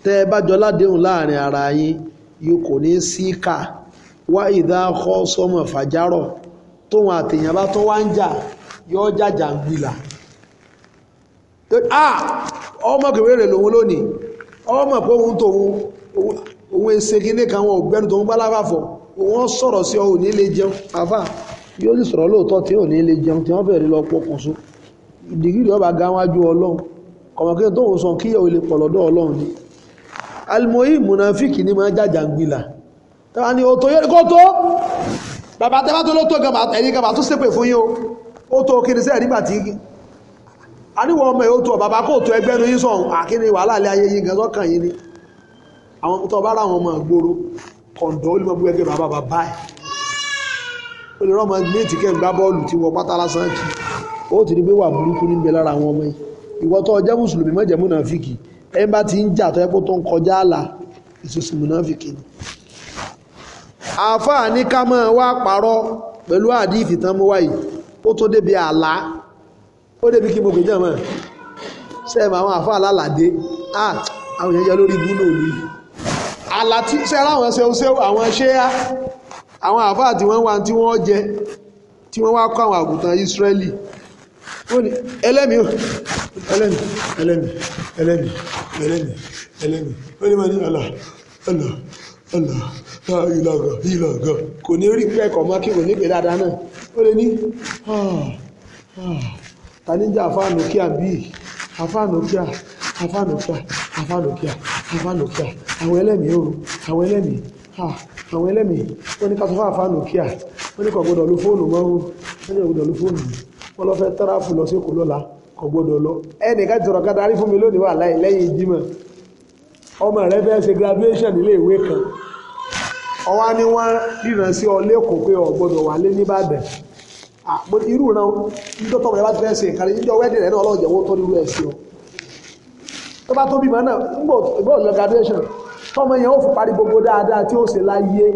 tẹ́ ẹ bá jọ ládéhùn láàrin ara yín yóò kò ní síkà. Si wá ìdá ọkọ̀ sọmọ fàjárọ̀ tóun àtẹ̀yìn bá tó wá ń jà yọ jàjà ń gbìlà ah! ọmọ kẹwẹ́ rẹ̀ lòun lónìí ọmọ pé òun tòun òun ẹsẹ̀ kí ní kan wọn ògbẹ́nu tó ń gbálára fọ̀ òun sọ̀rọ̀ sí ọ̀hún ní ilé jẹun àfà yóò sì sọ̀rọ̀ lóòótọ́ tí ò ní ilé jẹun tí wọ́n bẹ̀rẹ̀ lọ pọkàn so ìdígírì ọba ga wájú ọlọ́run kọ̀mọ̀kẹ́ tóun sọ kíyàwó lè pọ̀ lọ́dọ̀ ọlọ́run ni alimoyi munafiki ni máa jàjà ń gbìlà tẹ́wà ní òtò yóò kó tó bàbá tẹ́wà tó ló tó ẹ̀yìn gàmà tó sépè fún yín o ó tó kí ni sẹ́ẹ̀ nígbà tí aníwọ̀ ọmọ ẹ̀ ó tó bàbá kó tó ẹgbẹ́ nu yín sọ̀hún àkíní wàhálà ilé ayé yín gan sọ́kàn yín ni àwọn tó bá ráwọn ọmọ ìgboro kọ̀ǹdọ̀ ó lè mọ bú ẹgbẹ́ bàbá bàbá ẹ̀ ó lè rọ́mọ ní ìtìkẹ́ ìgbá bọ́ọ̀lù tí wọ́n pátá lásán kì ó ti rí pé wà burúkú níbẹ̀ lára àwọn ọmọ yìí tó jẹ́ mùsùlùmí mọ́jẹ̀mú náà fìkì ẹ̀ ń bá ti ń jà tó yẹ tó ń kọjá àlà ìsòsùmù náà fìkì ni àáfàá ní ká máa wá parọ́ pẹ̀lú àdífì tán mú wáyìí ó tó débi àlá ó débi kí mo gbèjà mọ́ sẹ́ẹ̀mù àwọn àáfàá alálàdé àwọn èèyàn yẹ lórí ibú náà lórí àlá tí sẹ́ẹ̀rọ àwọn ṣeúṣeú àwọn ṣéá àwọn àáfàá tí wọ́n wá tí wọ́n jẹ tí wọ́n wá kọ́ àwọn àgùntàn Ísírẹ́lì ó ní ẹlẹ́mìí ẹlẹ́mìí ẹlẹ́mìí ẹlẹ́mìí ẹlẹ́mìí ẹlẹ́mìí ó ní mọ̀ ní ọ̀là ọ̀là ìlọ̀gọ̀ ah, ìlọ̀gọ̀ kò ní rí pé ẹ̀kọ́ mọ́ kí kò ní pé dáadáa náà ó lè ní taníjà afáànókíà bíi afáànókíà afáànókíà afáànókíà afáànókíà àwọn ẹlẹ́mìí o àwọn ẹlẹ́mìí ah, àwọn ẹlẹ́mìí wọ́n ní ká sọ fún afáànókíà wọ́n ní kò gbọ́dọ̀ lu fóònù mọ́ wọ́n ní kò gbọ́dọ̀ lu fóònù wọ́n lọ fẹ́ tẹ́ráfù lọ sí èkó lọ́la kò gbọ́dọ̀ lọ ẹnìkan ti rọ̀ ká darí fún mi lónìí wà láì lẹ́yìn ìjímọ̀ ọmọ rẹ fẹ́ ṣe graduation nílé ìwé Ọwa ni wọ́n ríran sí ọ lẹ́kọ̀ọ́ pé o wà lé nìbàdàn irú bá fẹ́ ṣe nǹkan níjọ́ wẹ́dìn náà tó nírú ẹ̀ sí ọ tó bá tó bímọ náà nígbà òlò graduation tọ́mọ yẹn ó fi parí gbogbo dáadáa tí ó ṣe láyé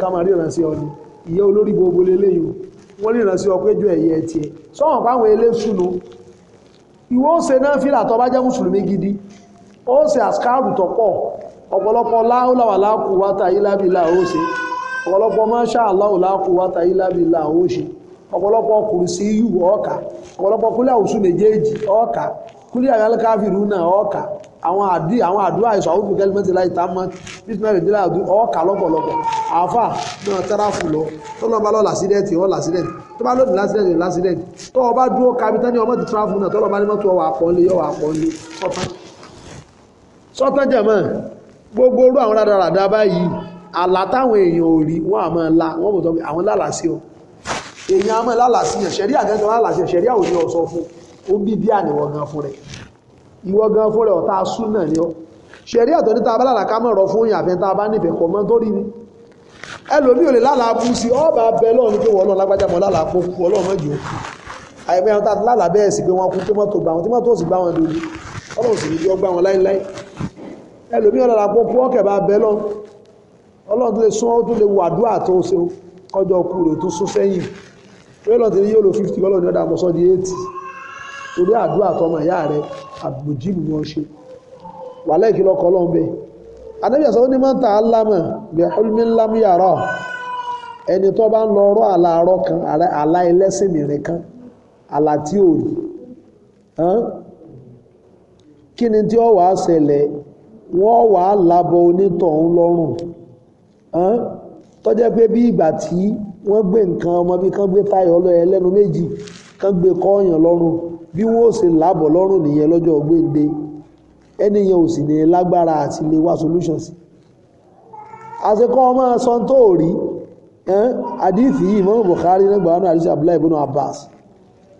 ká máa ríran sí ọ ni ìyẹ́ olórí gbogbo lélẹ́yìn wọ́n ríran sí ọ pé ju ẹ̀yẹ tiẹ̀ sọ́wọ́n eléṣùnú ó ṣe náà fílà bá jẹ́ gidi ó ṣe ọ̀pọ̀lọpọ̀ láhùláwà láàkúwátà ilábìlà ó ṣe ọ̀pọ̀lọpọ̀ máṣá aláwò láàkúwátà ilábìlà ó ṣe ọ̀pọ̀lọpọ̀ kùrù sí yù ọ̀ọ̀kà ọ̀pọ̀lọpọ̀ kúlẹ̀ àwùsù méjèèjì ọ̀ọ̀kà kúlẹ̀ àyálẹ́káfìrú náà ọ̀ọ̀kà àwọn àdí àwọn àdúrà ìṣọ̀ àwọn òfin kẹlẹ́mẹ́tì láì tá mọ́ bísímẹ́rì dé láàdú ọ̀ọ̀kà lọ́pọ̀lọpọ̀ àáfà náà tẹ́ráfù lọ tó lọ́ba lọ làṣídẹ́ẹ̀tì ọ̀ làṣídẹ́ẹ̀tì tó bá lòdì làṣídẹ́ẹ̀tì làṣídẹ́ẹ̀tì tó o bá dúró kábítá ní gbogbo orú àwọn rádaràdá báyìí àlá táwọn èèyàn ò rí wọ́n àmọ́ ńlá wọ́n bọ̀ tọ́ pé àwọn lálàsí ọ èèyàn àmọ́ lálàsí yàn ṣẹ̀rí àgẹ́gẹ́ lálàsí yàn ṣẹ̀rí àwọn èèyàn ọ̀sọ̀ fún ó bí díà ní gan fún rẹ̀ ìwọ gan fún rẹ̀ ọ̀tá súnà ni ọ ṣẹ̀rí àtọ́ níta bá lálàká mọ̀ rọ fún yàfẹ́ tá a bá nífẹ̀ẹ́ kọ̀ mọ́ tó rí ni ẹlòmí ò lè lálàá bú sí ọba bẹ lọ́ọ̀ni pé wọ́n lọ́ọ̀ lágbájá mọ́ lálàá kó kú ọlọ́ọ̀ mọ́jì ó kú àìmọ́ ẹran tá a lálàá bẹ́ẹ̀ sí pé wọ́n kú tó mọ́tò gbà wọn tí mọ́tò sì gbà wọn lórí ọlọ́ọ̀ sì ní bí ọgbà wọn láíláí ẹlòmí ọ̀lára pọ́ pọ́ kẹ̀bá bẹ́ lọ ọlọ́run tó lè sún ó tó lè wàdúrà tó ṣe kọjọ ọkù rẹ̀ tó sún sẹ́yìn pé lọ́n ti rí yóò lo 50 lọ́lọ́ ní ọ̀dà àmọ́sọ́ di 80 torí àdúrà tó ọmọ ìyá rẹ̀ àbùjíbù wọn ṣe wà lẹ́ẹ̀kí lọ́kọ̀ ọlọ́run bẹ́ẹ̀ anábìyà sọ ní mọ́ta alámọ̀ bẹ̀ hulmi lam yàrá ẹni tó bá ń lọ rọ́ àlàárọ̀ kan àlá ẹlẹ́sìn mìíràn kan àlá tí ò rí kí ni tí ó wàá ṣẹlẹ̀ wọ́n wà á labọ̀ onítọ̀hún lọ́rùn tọ́jẹ́ pé bí ìgbà tí wọ́n gbé nǹkan ọmọ bí kán gbé táyọ̀ lọ ẹlẹ́nu méjì kán gbé kọ́ọ̀yàn lọ́rùn bí wọ́n ò sì lábọ̀ lọ́rùn nìyẹn lọ́jọ́ gbéǹde ẹnìyẹn ò sì ní lágbára àti lè wá solution sí àṣekọ́ ọmọ sọ tó rí àdìsí yìí mọ́mọ́ Bukhari nígbà wọn àdìsí Abdullahi ibn Abbas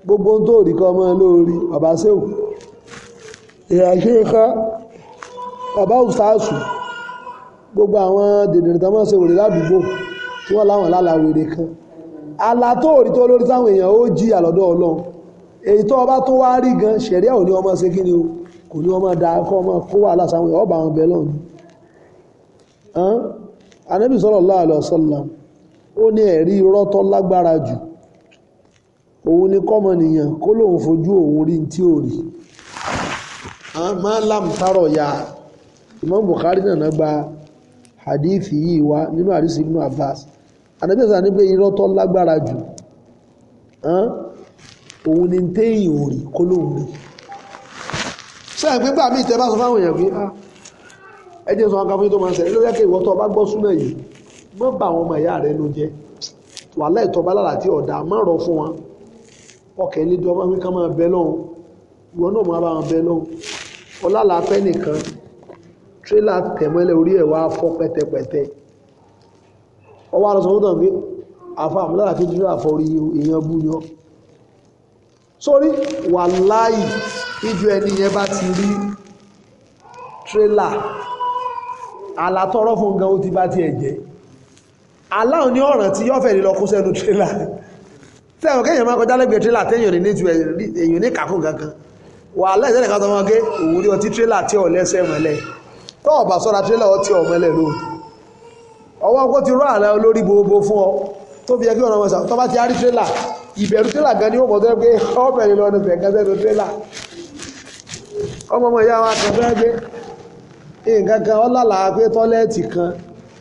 gbogbo tó rí kọ́ ọmọ lórí bàbá sẹ́wù bàbá òsàásù gbogbo àwọn dèdèrè tó máa ń ṣe wèrè ládùúgbò tí wọ́n láwọn lálàá wèrè kan àlá tó òrí tó lórí táwọn èèyàn ó jìyà lọ́dọ̀ ọlọ́run èyí tó ọba tó wá rí gan ṣẹ̀ríà ò ní ọmọ ṣe kí ni o kò ní ọmọ da kọ́ ọmọ kó wà lásáwọn èèyàn ọba àwọn bẹ́ẹ̀ lọ́nà anábì sallallahu alaihi wasallam ó ní ẹ̀rí irọ́ tó lágbára jù òun ni kọ́mọnìyàn kó lóun fojú òun rí tí ò rí máa lámtárọ̀ ya Imam Bukhari náà gba hadithi yìí wá nínú àdìsí Ibn Abbas ànábì sàn ní pé irọ́ tó lágbára jù òun ni téèyàn ò kó lóun rí ṣé àgbẹ̀ bá mi tẹ́ bá sọ fáwọn èèyàn pé ah, ẹ jẹ́ sọ wọn ká fún yín tó máa ń ṣẹlẹ̀ ló yẹ kí ìwọ tó bá gbọ́ súnà yìí mọ́ bá àwọn ọmọ ìyá rẹ ló jẹ́ wàhálà ìtọ́ba lára àti ọ̀dà má fún wọn ọkẹ́ ilé tí wọ́n ká máa bẹ lọ́hùn ìwọ náà máa bá wọn bẹ lọ́hùn ọlálàáfẹ́ nìkan tírélà tẹ̀mọ́lẹ̀ orí ẹ̀ wá fọ́ pẹ́tẹpẹ́tẹ ọwọ́ àlọ́sọ fún tàn pé àfa àmúlára fi dúró àfọrí èèyàn bú yan sórí wàláì ìjọ ẹni yẹn bá ti rí tírélà alátọ́rọ́ fún gan ó ti bá ti ẹ̀jẹ̀ aláhùn ní ọ̀ràn tí yọ́fẹ̀ ní lọ kó sẹ́nu tírélà tẹ́wọ̀n kéèyàn máa kọjá lẹ́gbẹ̀ẹ́ tírélà téèyàn ní nítu èèyàn ní kàkó gangan wàhálà ìṣẹ́lẹ̀ kan tó gé òun ní ọtí tírélà tí ọ̀ lẹ́sẹ̀ mọ́lẹ̀ tó ọ̀bà sọ́ra tírélà ọtí ọ̀mọ́lẹ̀ lóòótọ́ ọwọ́ kó ti rọ àrẹ olórí gbogbo fún ọ tó fi ẹgbẹ́ ọ̀nà wọn sàn ti a rí tírélà ìbẹ̀rù tírélà gan ni ó bẹ̀ tírélà ọmọ ọmọ ìyá wa kan fẹ́ gbé nǹkan kan kan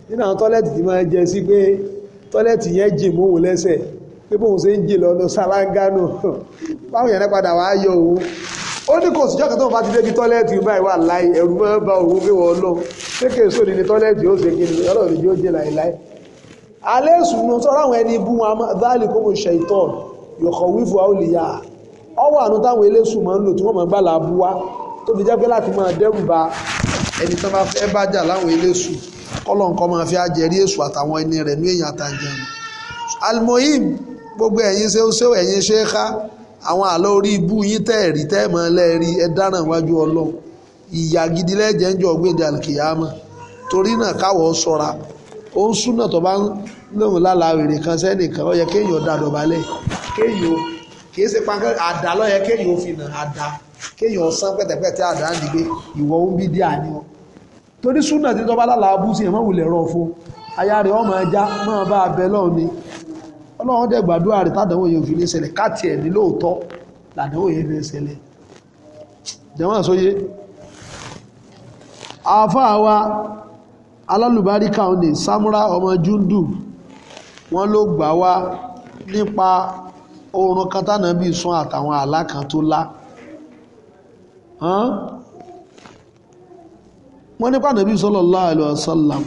nínú àwọn tọ́lẹ́ẹ̀tì ti máa jẹ sí pé tọ́lẹ́ẹ̀tì yẹn jì lẹ́sẹ̀ pé bóun ṣe ń jì báwọn yẹn padà yọ òun ó ní kò síjọ́ kan tó ń bá ti débi tọ́lẹ́ẹ̀tì báyìí wà láì ẹ̀rù máa ń ba òun pé wọ́n lọ kéèké sóò ní ní tọ́lẹ́ẹ̀tì ó ṣe kí ni ọlọ́run yóò jẹ́ láìláì alẹ́ ìsùnú sọ́rọ́ àwọn ẹni bú wọn dáàlì kó mo ṣe ìtọ́ yọ̀kọ̀ wífò àwòlìyà ọwọ́ àánú táwọn eléṣùn máa ń lò tí wọ́n máa ń gbà láàbú wá tó fi jẹ́ pé láti máa dẹ́rù ba ẹni tó bá fẹ́ bá jà láwọn eléṣùn kọ́lọ́nkọ́ máa fi ajẹ́rí èṣù àtàwọn ẹni rẹ̀ ní èèyàn àtàjẹun almohim gbogbo ẹ̀yin ṣe ó ṣe ẹ̀yin ṣe é ká àwọn àlọ́ orí ibú yín tẹ́ẹ̀rí tẹ́ẹ̀mọ́ lẹ́ẹ̀rí ẹ dáràn wájú ọlọ́run ìyà gidi lẹ́jẹ̀ ń jọ gbéde àlùkìyàmọ́ torí náà káwọ̀ sọ́ra ó ń súnà tó bá ń lóun lála rèrè kan sẹ́nìkan ó yẹ kéèyàn dá dọ̀bálẹ̀ kéèyàn kìí ṣe pa àdá ló yẹ kéèyàn fi nà àdá kéèyàn san pẹ̀tẹ̀pẹ̀tẹ̀ àdá ń dìgbé ìwọ ń bí díà ni wọn torí súnà tí tó bá lála ẹ̀ mọ́ wulẹ̀ rọ̀ fún ayá rẹ̀ ọmọ ẹja máa bá abẹ lọ́ọ̀ ni ọlọ́run dẹ̀ gbàdúrà rẹ̀ tádàwọ̀ yẹn fi lè ṣẹlẹ̀ káàtì ẹ̀ ní lóòótọ́ làdàwọ̀ yẹn fi lè ṣẹlẹ̀ jẹ́wọ́n sóyé àáfàá wa alálùbáríkà òní samura ọmọ júndù wọ́n ló gbà wá nípa oorun kátánà bíi sùn àtàwọn àlá kan tó lá wọ́n nípa nàbí sallallahu alaihi wasallam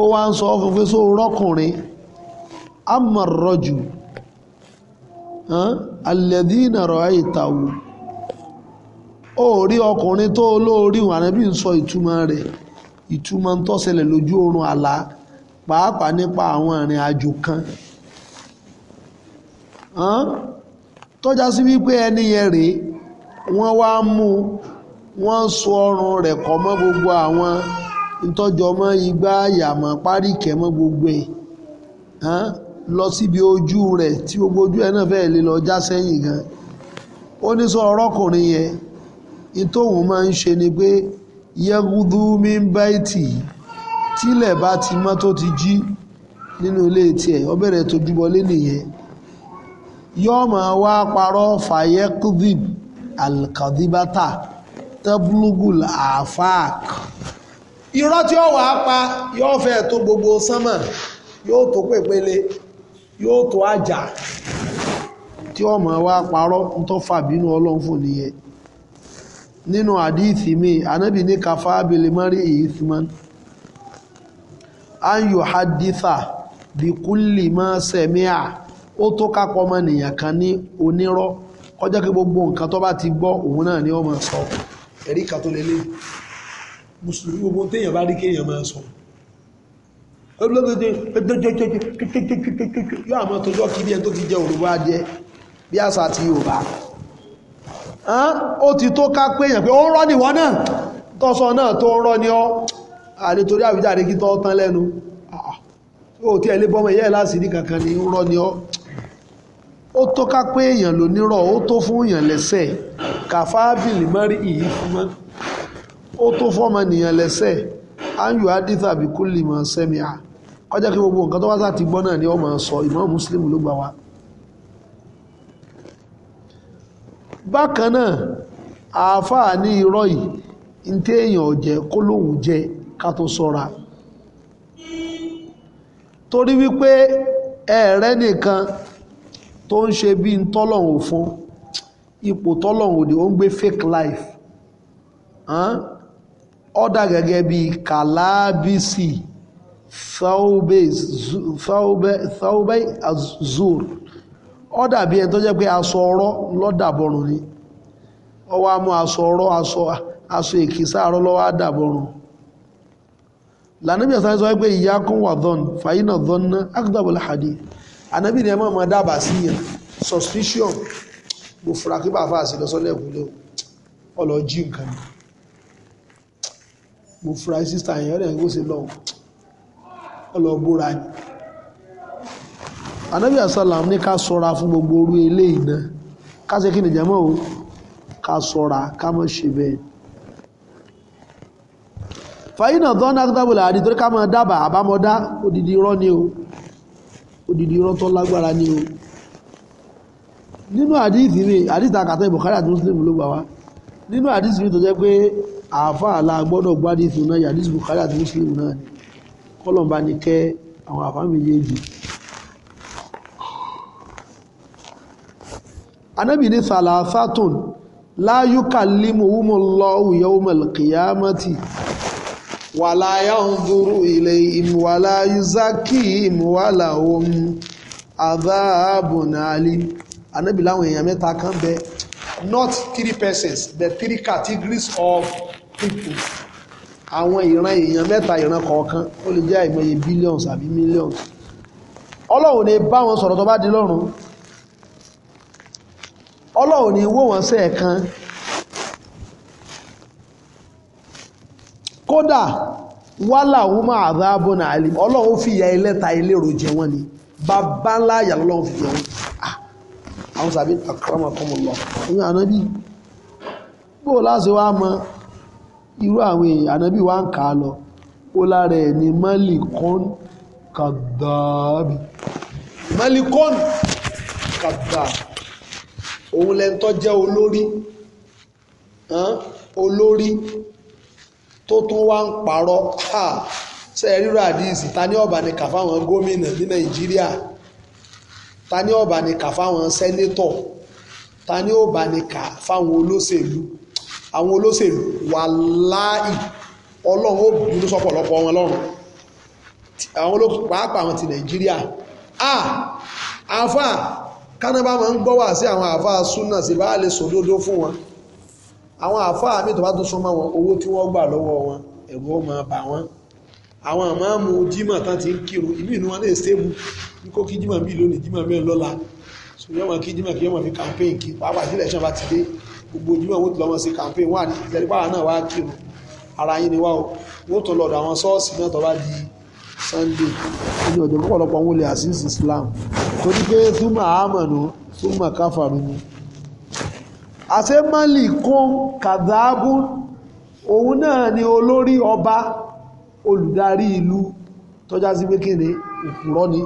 ó wá ń sọ fún fẹ́ sóorọ́kùnrin أما الرجل الذين رأيته ó rí ọkùnrin tó olóorí wànábí ń sọ ìtumọ̀ rẹ̀ ìtumọ̀ ń tó lójú oorun àlá pàápàá nípa àwọn ìrìn àjò kan tọ́já sí wípé ẹni yẹn rèé wọ́n wá mú wọ́n so ọrùn rẹ̀ kọ́ mọ́ gbogbo àwọn ìtọ́jọ́ mọ́ igbá àyàmọ́ páríkẹ́ mọ́ gbogbo ẹ̀ lọ síbi ojú rẹ̀ tí gbogbo ojú ẹ̀ náà fẹ́ẹ́ lè lọ já sẹ́yìn gan ó ní sọ ọ̀rọ̀kùnrin yẹn ìtòhùn máa ń ṣe ni pé yẹgúdú mi ń bá ìtì tílẹ̀ bá ti mọ́ tó ti jí nínú ilé tiẹ̀ ó bẹ̀rẹ̀ tó júbọlé nìyẹn yọ́ọ́ máa wá parọ́ fàyẹ́kùdìb alkadibata tabulugul afaak. irọ́ tí ó wàá pa yọ́ọ́ fẹ́ tó gbogbo sánmà yóò tó pèpele yóò tó àjà tí ọmọ wa parọ́ ń tọ́ ọlọ́run fò nìyẹn nínú àdíìsì mi anábì ní kafa abìlẹ̀ mọ́rí ìsìmọ́n an yóò hadisa bí kúlì sẹ̀míà ó tó kápọ̀ ọmọ nìyàn kan ní onírọ́ kọjá kí gbogbo nǹkan tó bá ti gbọ́ òun náà ni ọmọ sọ ẹ̀rí mùsùlùmí gbogbo téèyàn bá rí sọ yóò àmọ́ tójọ́ kí bí ẹni tó fi jẹ òrùbá jẹ bí àṣà ti Yorùbá ó ti tó ká pé èèyàn pé ó ń rọ́ nìwọ́ náà tọ́sọ náà tó ń rọ́ ní ọ́ ànítorí àwíjàre kí tọ́ tán lẹ́nu ó tí ẹ̀lé bọ́mọ ìyá ẹ̀ láti ní kankan ní ń rọ́ ní ọ́ ó tó ká pé èèyàn ló nírọ̀ ó tó fún èèyàn lẹ́sẹ̀ kàfáàbìlì mọ́rí ìyí fún mọ́ ó tó fọ́mọ nìyàn lẹ́sẹ̀ áyù adítàbíkú lè mọ̀ sẹ́mi à ọjọ́ kí gbogbo nǹkan tó wá sáà gbọ́ náà ni ó máa sọ ìmọ̀ mùsùlùmí ló gbà wá bákan náà àáfàá ní irọ́ yìí ní téèyàn jẹ kó lóun jẹ ká tó sọ́ra torí wípé ẹ̀ẹ̀rẹ́ nìkan tó ń ṣe bí n tọ́lọ̀hún fún ipò tọ́lọ̀hún ni ó ń gbé fake life ọ̀dà gẹ́gẹ́ bí kàlábìsì. Huh? thawbe azur ọ dàbí ẹ tó jẹ́ pé aṣọ ọ̀rọ̀ lọ́dàbọ̀rùn ni ọ wá mú aṣọ ọ̀rọ̀ aṣọ èkìsà àrọ́ lọ́wọ́ àdàbọ̀rùn lànàbí ọ̀sán sọ pé ìyá kún wà dọ́n fàyínà dọ́n ná akdabul hadith ànàbí ni ẹ máa máa dábàá sí yẹn suspicion mo fura kí bàbá nǹkan mo fura sísá yẹn ọlọ́gbóra ni anabi asalam ní ká sọ́ra fún gbogbo orú ilé iná ká ṣe kí ni jẹ́mọ́ o ká sọ́ra ká mọ́ ṣe bẹ́ẹ̀ fàyínà dọ́nà dábòlà àdìtorí ká máa dábàá àbámọ́dá odidi irọ́ ni o odidi irọ́ tó lágbára ni o nínú àdìsí mi àdìsí àkàtọ́ ìbùkárí àti muslim ló gbà wá nínú àdìsí mi tó jẹ́ pé àáfàá la gbọ́dọ̀ gbádìí náà yàdìsí ìbùkárí àti muslim náà ni kọ́lọ̀mbá ní kẹ́ àwọn àfá méjèèjì anábì ní sàlàsátùn láyúkà límòwúmọ̀ lọ́wọ́ yawmal qiyamati wàlá yanzuru ilayhim wàlá yuzakkihim wàlá hum adhabun alim anábì láwọn èèyàn mẹ́ta not three persons but three categories of people àwọn ìran èèyàn mẹ́ta ìran kọ̀ọ̀kan ó lè jẹ́ àìmọye billions àbí millions ọlọ́run ni bá wọn sọ̀rọ̀ tó bá di lọ́rùn ni wó wọn sẹ́ẹ̀kan kódà wálà wúmọ̀ àdáàbò náà àlè ni bàbá ńlá irú àwọn èèyàn ànábì wa ń kà á lọ ó lára ẹ̀ ní mọ́lìkọ́n kàdáàbì mọ́lìkọ́n kàdáàbì òun lẹ́ni tó jẹ́ olórí olórí tó tún wá ń parọ́ ṣe rírọ àdíyèsí ta ní ọ̀bà ni kà fáwọn gómìnà ní nàìjíríà ta ní ọ̀bà ni kà fáwọn sẹ́nétọ̀ ta ní ọ̀bà ni kà fáwọn olóṣèlú àwọn olóṣèlú wàláì ọlọ́run ó bínú sọ́pọ̀lọpọ̀ wọn lọ́rùn àwọn olóṣèlú pàápàá wọn ti nàìjíríà ah àfà kánábà máa ń gbọ́ wà sí àwọn àfà súnà sí bá lè sòdodo fún wọn àwọn àfà mi tó bá tún súnmọ́ wọn owó tí wọ́n gbà lọ́wọ́ wọn ẹ̀rù ó máa bà wọ́n àwọn àmọ́mù jímọ̀ tán ti ń kírun ìlú ìnú wọn lè stable kó kí jímọ̀ bí lónìí jímọ̀ mẹ́rin lọ́la ṣùgbọ́n wọn kí jímọ̀ kí wọ́n fi campaign kí pàápàá sílẹ̀ ṣọ́ba ti dé gbogbo ojúmọ̀ wọ́n ti lọ́mọ sí campaign wà ní ìtẹ̀lẹ́pàá náà wá kírun ara yín ni wá o wọ́n tó lọ́dọ̀ àwọn ṣọ́ọ̀ṣì náà tó di Sunday ní ọjọ́ púpọ̀lọpọ̀ wọn lè àṣìṣ Islam torí pé túmọ̀ àmọ̀nù túmọ̀ káfàrú ni. àṣemọ́lì kún kàdáàbù òun náà ni olórí ọba olùdarí ìlú tọ́já sí pé kéde òpùrọ́ ni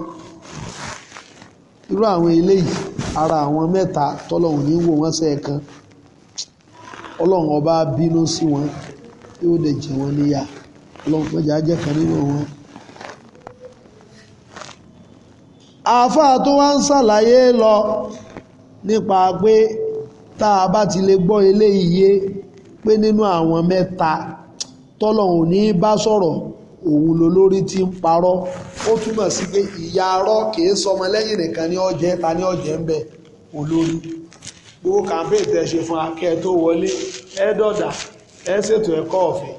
irú àwọn eléyìí ara àwọn mẹ́ta tọ́lọ́hùn ní wò wọ́n sẹ́ẹ̀kan ọlọ́run ọba bínú sí wọn yóò dẹ̀ jẹ wọn níyà ọlọ́run mọ́jà jẹ́ kan nínú wọn. àáfàá tó wá ń ṣàlàyé lọ nípa pé tá a bá ti lè gbọ́ eléyìí yé pé nínú àwọn mẹ́ta tọ́lọ́run ní bá sọ̀rọ̀ òun ló lórí tí ń parọ́ ó túmọ̀ sí pé ìyá arọ́ kìí sọmọ lẹ́yìn nìkan ní ọ̀jẹ́ ta ní ọ̀jẹ́ ń bẹ olórí gbogbo campaign tẹ́ ṣe fún akẹ́ tó wọlé ẹ dọ̀dà ẹ ṣètò ẹ̀kọ́ ọ̀fẹ́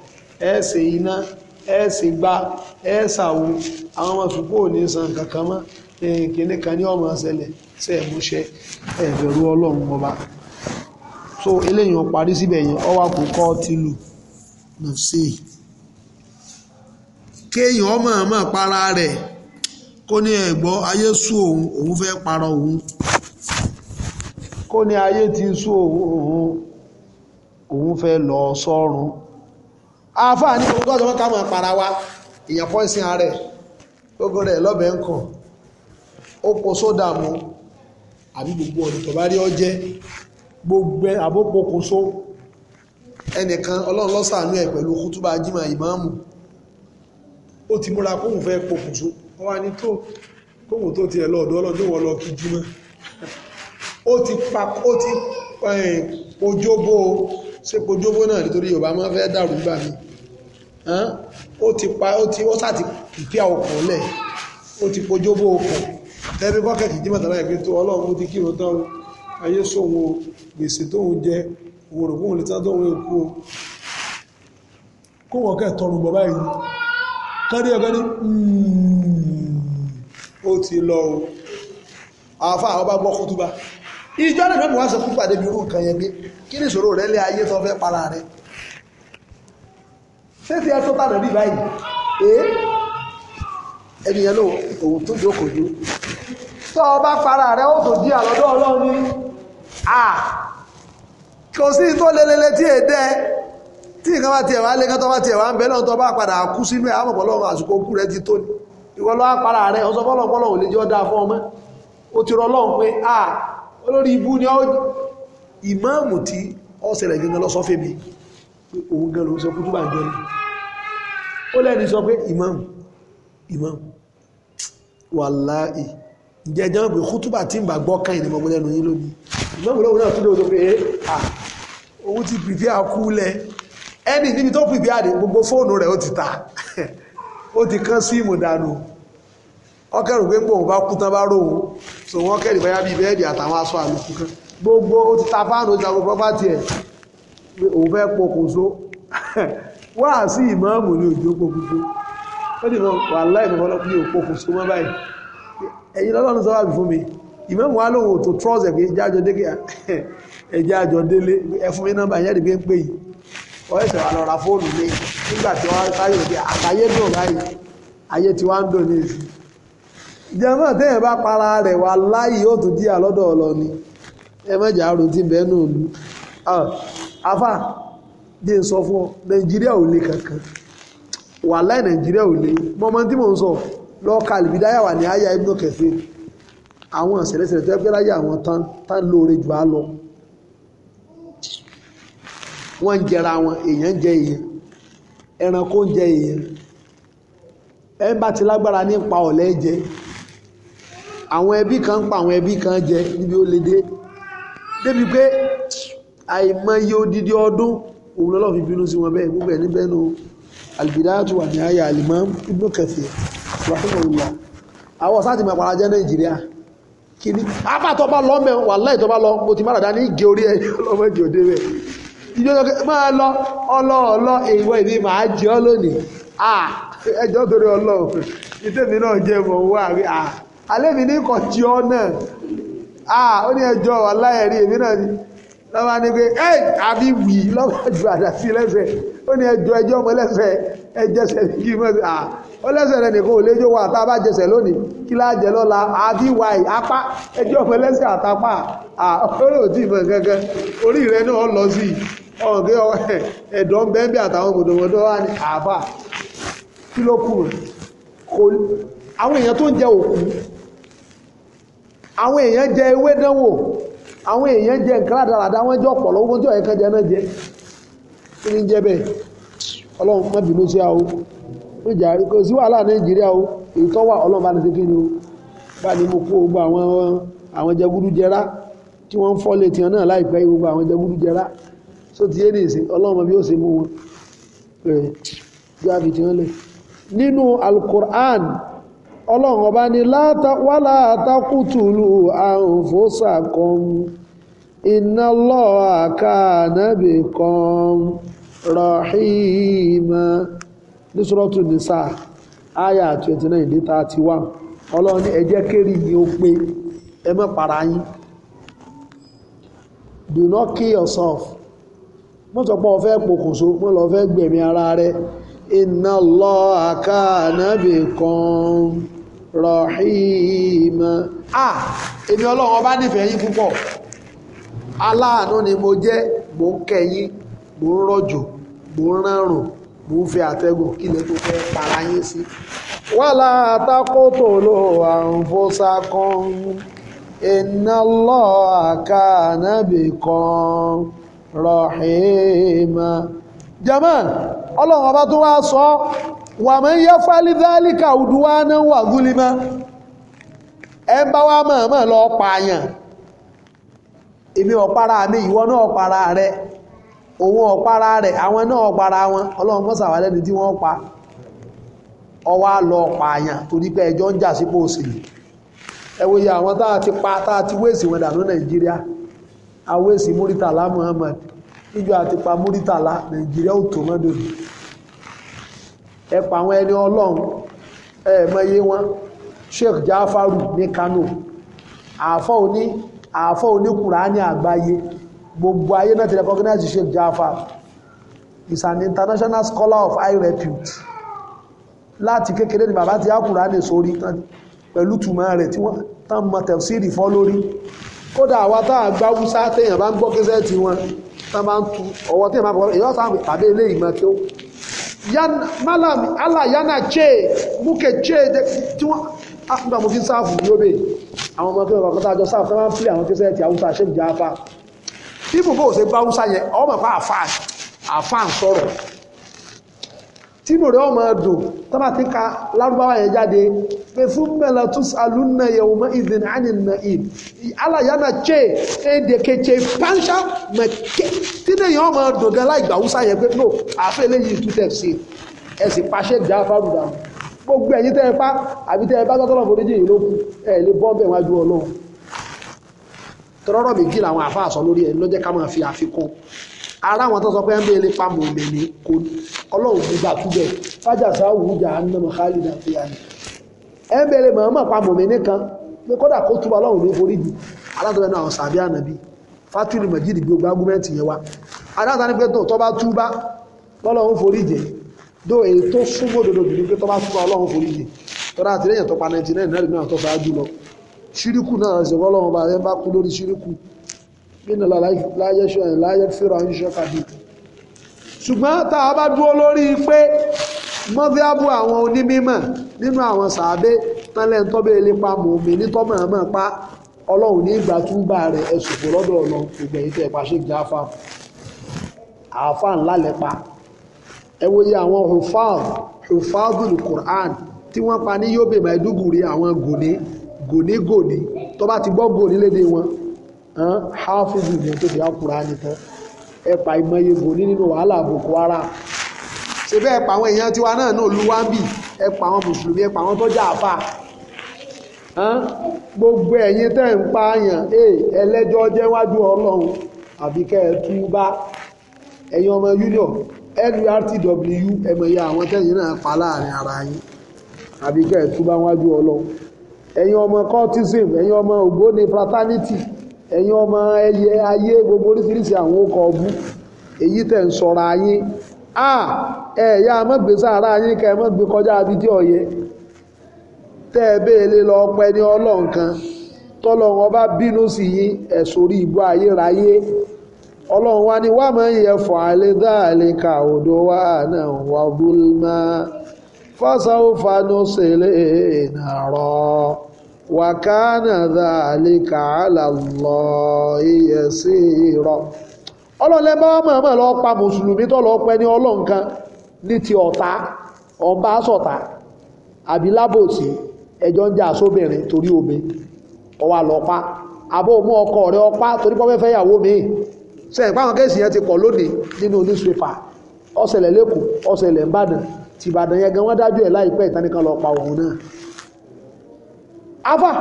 ẹ ṣe iná ẹ ṣe gbá ẹ ṣàwo àwọn ọmọ sùkú ò ní san kankan mọ́ kíní kan ní ọmọ ṣẹlẹ̀ ṣe é múṣẹ ọlọ́run ọba so eléyìí wọn parí síbẹ̀ yẹn ọwọ́ kò kọ́ ti lù nà sí i kéèyàn ọmọ ọmọ para rẹ̀ kó ní ẹ̀gbọ́ ayé sú òun òun fẹ́ para òun kó ní ayé ti sú òun òun fẹ́ lọ sọ́run àáfàá ní ohun tọ́jọ́ ká máa para wa èèyàn pọ́ìsìn ààrẹ gbogbo rẹ̀ lọ́bẹ̀ẹ́ ń kàn ó po sódà mu àbí gbogbo ọ̀nà tó bá rí ọ jẹ́ gbogbo àbópokùnso ẹnìkan ọlọ́run lọ́sàánú ẹ̀ pẹ̀lú kútúbà jímà ìmáàmù ó ti múra kóhùn fẹ́ pokùnso wọ́n wá ní tó kóhùn tó tiẹ̀ lọ́ọ̀dọ́ ọlọ́dún wọn lọ kí jímà ó ti pa ó ti eh, pojóbó ṣe pojóbó náà nítorí yorùbá máa fẹ́ dàrú gbà mí ó ti pa ó ti ó sá ti pìpíà ọkọ̀ lẹ̀ ó ti pojóbó ọkọ̀ tẹ́bí bọ́kẹ̀tì jí mọ̀tàlá ìpín tó ọlọ́run ti kírun tán ayé sóhun gbèsè tóhun jẹ òun rò fóhun lè tán tóhun èkó kó wọ́n kẹ́ tọrùn bọ̀ báyìí kárí ọ̀gá ní hmm, ó ti lọ o àáfà àwọn bá gbọ́ kútúbà ìjọ náà lọ́mọ wá sọ fún pàdé bí irú nǹkan yẹn kí ní ìṣòro rẹ lé ayé tó fẹ́ para rẹ ṣé ti ẹ tó bá báyìí ee ẹni yẹn ló òun tó jókòó jú tó ọ bá para ó tó di àlọ́dọ́ ọlọ́run ní à kò sí tó tí èdè tí nǹkan bá tiẹ̀ wá lé tó bá tiẹ̀ wá ń bẹ lọ́n tó bá padà kú sínú ẹ̀ olórí ibú ni ọ ìmáàmù tí ọ ṣẹlẹ̀ gangan lọ sọ fẹ́mi pé òun gan ló sọ kú tó bá ń jẹ́ ó lẹ́ni sọ pé ìmáàmù ìmáàmù wàláì ìjẹjọ́ pé kútùbà tí ń bà gbọ́ káyìn ní mọ̀gbọ́n lẹ́nu yín lónìí ìmáàmù ọkẹrù pé gbòòrùn bá kú tán bá rò wọn so wọn kẹrì báyà bíi bẹ́ẹ̀dì àtàwọn aṣọ àlùkù kan gbogbo ó ti ta fáànù ó ti ta gbogbo pọ́pátì ẹ̀ òun fẹ́ pokùnso wá sí ìmáàmù ní òjò pokùnso ó dì náà wà láì mọ́ lọ́pọ̀ ní òpokùnso mọ́ báyìí ẹ̀yin lọ́lọ́run sọ́wọ́ àbí fún mi ìmáàmù wa lóhun ò tó trọ́ọ̀sì pé jájọ dé ẹjẹ́ àjọ délé ẹ fún mi nọ́mbà ìyá ìdìbò ń pè yìí wọ́n ẹ̀sẹ̀ wà lọ ra fóònù mi nígbà tí wọ́n táyọ̀ pé àtàyé dùn báyìí ayé tí wọ́n ń dùn ní ìsìn jẹ́mọ́ tẹ́yẹ̀ bá para rẹ̀ wà láyé ó tún díà lọ́dọ̀ ọlọ́ni ẹ mẹ́jà àrùn tí bẹ́ẹ̀ náà lù afá bí n sọ fún ọ nàìjíríà ò le kankan wà láì nàìjíríà ò le mọ́mọ́ tí mò ń sọ lọ́ọ̀ka àlùbídáyà wà ní àyà ibùdó kẹfẹ́ àwọn ṣẹlẹ̀ṣẹlẹ̀ tó ẹgbẹ́ láyé àwọn tán tán lóore jù á lọ wọ́n ń jẹra wọn èèyàn jẹ èèyàn ẹranko ń jẹ èèyàn ẹ̀ bá ti lágbára nípa ọ̀lẹ́ jẹ àwọn ẹbí kan pa àwọn ẹbí kan jẹ níbi ó le dé débi pé àìmọye odidi ọdún òun lọ́lọ́ fi bínú sí wọn bẹ́ẹ̀ gbogbo ẹ̀ níbẹ̀ nu albidatu wà ní àyà Al-Imam Ibn Kathir rahimahullah àwọn sáà ti máa para jẹ́ Nàìjíríà kìíní apá tó bá lọ mẹ́ wàláhì tó bá lọ mo ti má dàda ní ìgé orí ẹ̀ ọmọ ìgé òde rẹ̀ ìjọba máa lọ ọlọ ọlọ ìwọ ìdí màá jẹ ọ lónìí ẹjọ́ torí ọlọ́run ìtẹ́mi náà jẹ́ mọ̀ wá rí àlébi ní kọ̀tí ọ náà ah ó ní ẹjọ́ wà láyẹ̀rí èmi náà ni lọ́wọ́ ni pé ẹ́ àbí wì lọ́wọ́ ju àdásí lẹ́sẹ̀ ó ní ẹjọ́ ẹjọ́ ọmọ lẹ́sẹ̀ ẹjẹsẹ̀ kí mọ́ sí ah ó lẹ́sẹ̀ rẹ nìkan ò léjó wa tá a bá jẹsẹ̀ lónìí kí láà jẹ lọ́la àbí wà apá ẹjọ́ ọmọ lẹ́sẹ̀ àtàpá ah ó lè ò tí ì mọ̀ kankan orí rẹ náà lọ sí ọ̀gẹ́ ẹ̀dọ́ bẹ́ẹ̀bẹ́ àtàwọn mọ̀dọ̀mọ̀dọ̀ wà ní àbá kí ló kù àwọn èèyàn tó ń jẹ òkú àwọn èèyàn jẹ ewé dánwò àwọn èèyàn jẹ nǹkan àdáradá wọn jẹ ọ̀pọ̀lọ́ ogun tí ọ̀yẹ́kan jẹ náà jẹ kí ni jẹ bẹ́ẹ̀ ọlọ́run má bínú sí a o ó jà rí kò sí wàhálà nàìjíríà o èyí tó wà ọlọ́run bá ní sí kíni o bá ní mo kó gbogbo àwọn àwọn jẹgúdújẹrá tí wọ́n ń fọ́ létí wọn náà láìpẹ́ gbogbo àwọn jẹgúdújẹrá só ti yé nìsín ọlọ́run bí ó ṣe mú wọn ẹ̀ bí a fi ti wọn lẹ̀ nínú alukur'an ọlọ́run ọba ni wàlá àtàkùtùlù àǹfóṣàkan iná lọ́ọ̀ àkànábì kan rọ̀hìmá ní sọ́rọ́tù àyà 29 dé 31 ọlọ́run ní ẹ jẹ́ kéré ni ó pé ẹ má para yín do not kill yourself mo sọ pé o fẹ́ pokùnso mo lọ fẹ́ gbẹ̀mí ara rẹ iná lọ́ọ̀ àkànábì kan rọ̀hìmọ̀ "Ah! èmi ọlọ́run ọba nífẹ̀ẹ́ yín púpọ̀ ni mo jẹ́ mò ń kẹyìn ń rọ̀jò mò ń rárùn, mò ń fẹ́ àtẹ́gùn kí lè tó fẹ́ para yín sí. ló àrùn kan iná kan rọ̀hìmọ̀ wàmọ́ yẹ fálídálíkà òdúwà náà wà gúlímọ́ ẹ bá wá mọ̀ọ́mọ̀ lọ pààyàn èmi ọ̀pára mi ìwọ náà ọ̀pára rẹ òun ọ̀pára rẹ àwọn náà ọ̀pára wọn ọlọ́run mọ́sàwá lẹ́ni tí wọ́n pa ọwá lọ pààyàn torí pé ẹjọ́ ń jà sípò òṣèlú ẹ wo iye àwọn tá a ti pa tá ti wéèsì wọn dànù nàìjíríà awéèsì múrítàlá muhammad níjọ àti pa múrítàlá nàìjíríà ò tó mọ́dọ̀dọ̀ ẹ pa àwọn ẹni ọlọ́run ẹ mọye wọn Sheikh Jafaru ní Kano àfọ́ òní àfọ́ òní Kùránì àgbáyé gbogbo ayé náà ti recognize Sheikh Jafaru is an international scholar of high repute láti kékeré ni bàbá ti ákùrá ní sórí pẹ̀lú túmọ̀ rẹ̀ tí wọ́n tán mọ tẹ̀síìrì fọ́ lórí kódà àwa tá à gbá wúsá téèyàn bá ń gbọ́ késẹ́ tí wọ́n tán bá ń tu ọwọ́ téèyàn bá ń yan malam ala yana che muke che de ti wọ́n ah ngba mo fi sáàfù yobe àwọn ọmọ kẹwàá kọta àjọ sáàfù tán máa ń pè àwọn kẹsẹ̀ ti haúsá ṣe ń jẹ afá tí bòbó ò ṣe bá haúsá yẹn ọmọ pa àfá àfá ń sọ̀rọ̀ tí mo rẹ ọmọ dùn tọ́ba ti ka lárúbáwá yẹn jáde pe thumma latusalunna yawma idhin anin na'im Allah yana che ede keche pansha ma ke tine yan ma dogan láì gba Hausa yẹn pé no àfẹ eléyìí tú tẹ̀ sí ẹ sì pàṣẹ jà fáwọn dànù gbogbo ẹ̀yin tẹ́ ẹ pa àbí tẹ́ ẹ bá tọ́tọ́ lọ́wọ́ oríjì yìí ló kù ẹ lè bọ́ bẹ̀ wájú Ọlọ́run tọrọrọ méjì làwọn àfáà ara àwọn tó sọ pé ẹnbí ilé pamọ́ òmìnir kò Ọlọ́run gbígbà túbẹ̀ fájà sáà jà á nà mọ́ kálí dàfíà ni ẹ bẹ̀rẹ̀ mọ̀ọ́mọ̀ pa mọ̀mí nìkan pé kódà kó túbọ̀ ọlọ́run ní forí jù alátọ́bẹ̀ náà sàbí ànàbí fátúlì mọ̀jídì gbogbo agúmẹ́ntì yẹn wa adáta ní pé tó bá túbá lọ́lọ́run forí jẹ dó èyí tó súnmọ́ òdodo jù ní pé tó bá túbá ọlọ́run forí jẹ tọ́lá àti lẹ́yìn tó pa 99 náírà náà tó fà á jù lọ ṣíríkù náà ṣe wọ́lọ́run ṣùgbọ́n tá bá dúró lórí pé mọ́fíàbù àwọn onímímọ̀ nínú àwọn sàábé tánlẹ̀ ń tọ́bẹ̀ ilé pa mòmí nítọ́mọ̀ àmọ́ pa ọlọ́run ní ìgbà túbà rẹ̀ ẹ̀sùn kò lọ́dọ̀ ọ̀nà gbogbo èyí tẹ́ ẹ̀ pàṣẹ ìjà afa àfa ńlá lẹ́pa ẹ wo iye àwọn hufad hufadul Qur'an tí wọ́n pa ní Yobe Maiduguri àwọn gòní gòní gòní tó bá ti gbọ́ gòní léde wọn hafudu ni tó fi á Kùránì tán ẹ pa ìmọye gòní nínú wàhálà Boko Haram ṣe bẹ́ẹ̀ pa àwọn èèyàn tiwa náà náà lu wá ń bì ẹ pa àwọn mùsùlùmí ẹ pa àwọn tọ́jà àfà gbogbo ẹ̀yin tẹ́ ń pààyàn eh, ẹlẹ́jọ́ jẹ́ wájú ọlọ́run àbí kẹ́ ẹ tú bá ẹ̀yin ọmọ union LURTW ẹ̀mọ̀ya àwọn tẹ́yìn náà pa láàrin ara yín àbí kẹ́ ẹ tú bá wájú ọlọ́run ẹ̀yin ọmọ cultism ẹ̀yin ọmọ ògbóni fraternity ẹ̀yin ọmọ ẹyẹ ayé gbogbo oríṣiríṣi àwọn okọ̀ ọbú èyí tẹ́ ń sọ̀rọ̀ ayín a ẹ̀yà mọ́gbèsà ara yín kẹ́ mọ́gbè kọjá abidí ọ̀yẹ́ tẹ́ ẹ bẹ́ẹ̀ lọ pẹ́ ní ọlọ́run kan tọ́lọ́run ọba bínú sí yín ayérayé wa ni wà ma ń yẹ wa ọlọ́lẹ́ bá mọ̀ọ́mọ̀ lọ pa mùsùlùmí tó lọ pẹ́ ní ọlọ́run kan ní ti ọ̀tá ọ̀nbá sọ̀tá àbí lábòsí ẹjọ́ ń jà sóbìnrin torí omi ọwà lọ́pá àbó mú ọkọ rẹ̀ ọpá torí pọ́fẹ́ fẹ́ yàwó mi ṣe ìpá àwọn kéèsì yẹn ti pọ̀ lónìí nínú newspaper ọ̀sẹ̀lẹ̀ lẹ́kù ọ̀sẹ̀lẹ̀ ń pa òun náà afa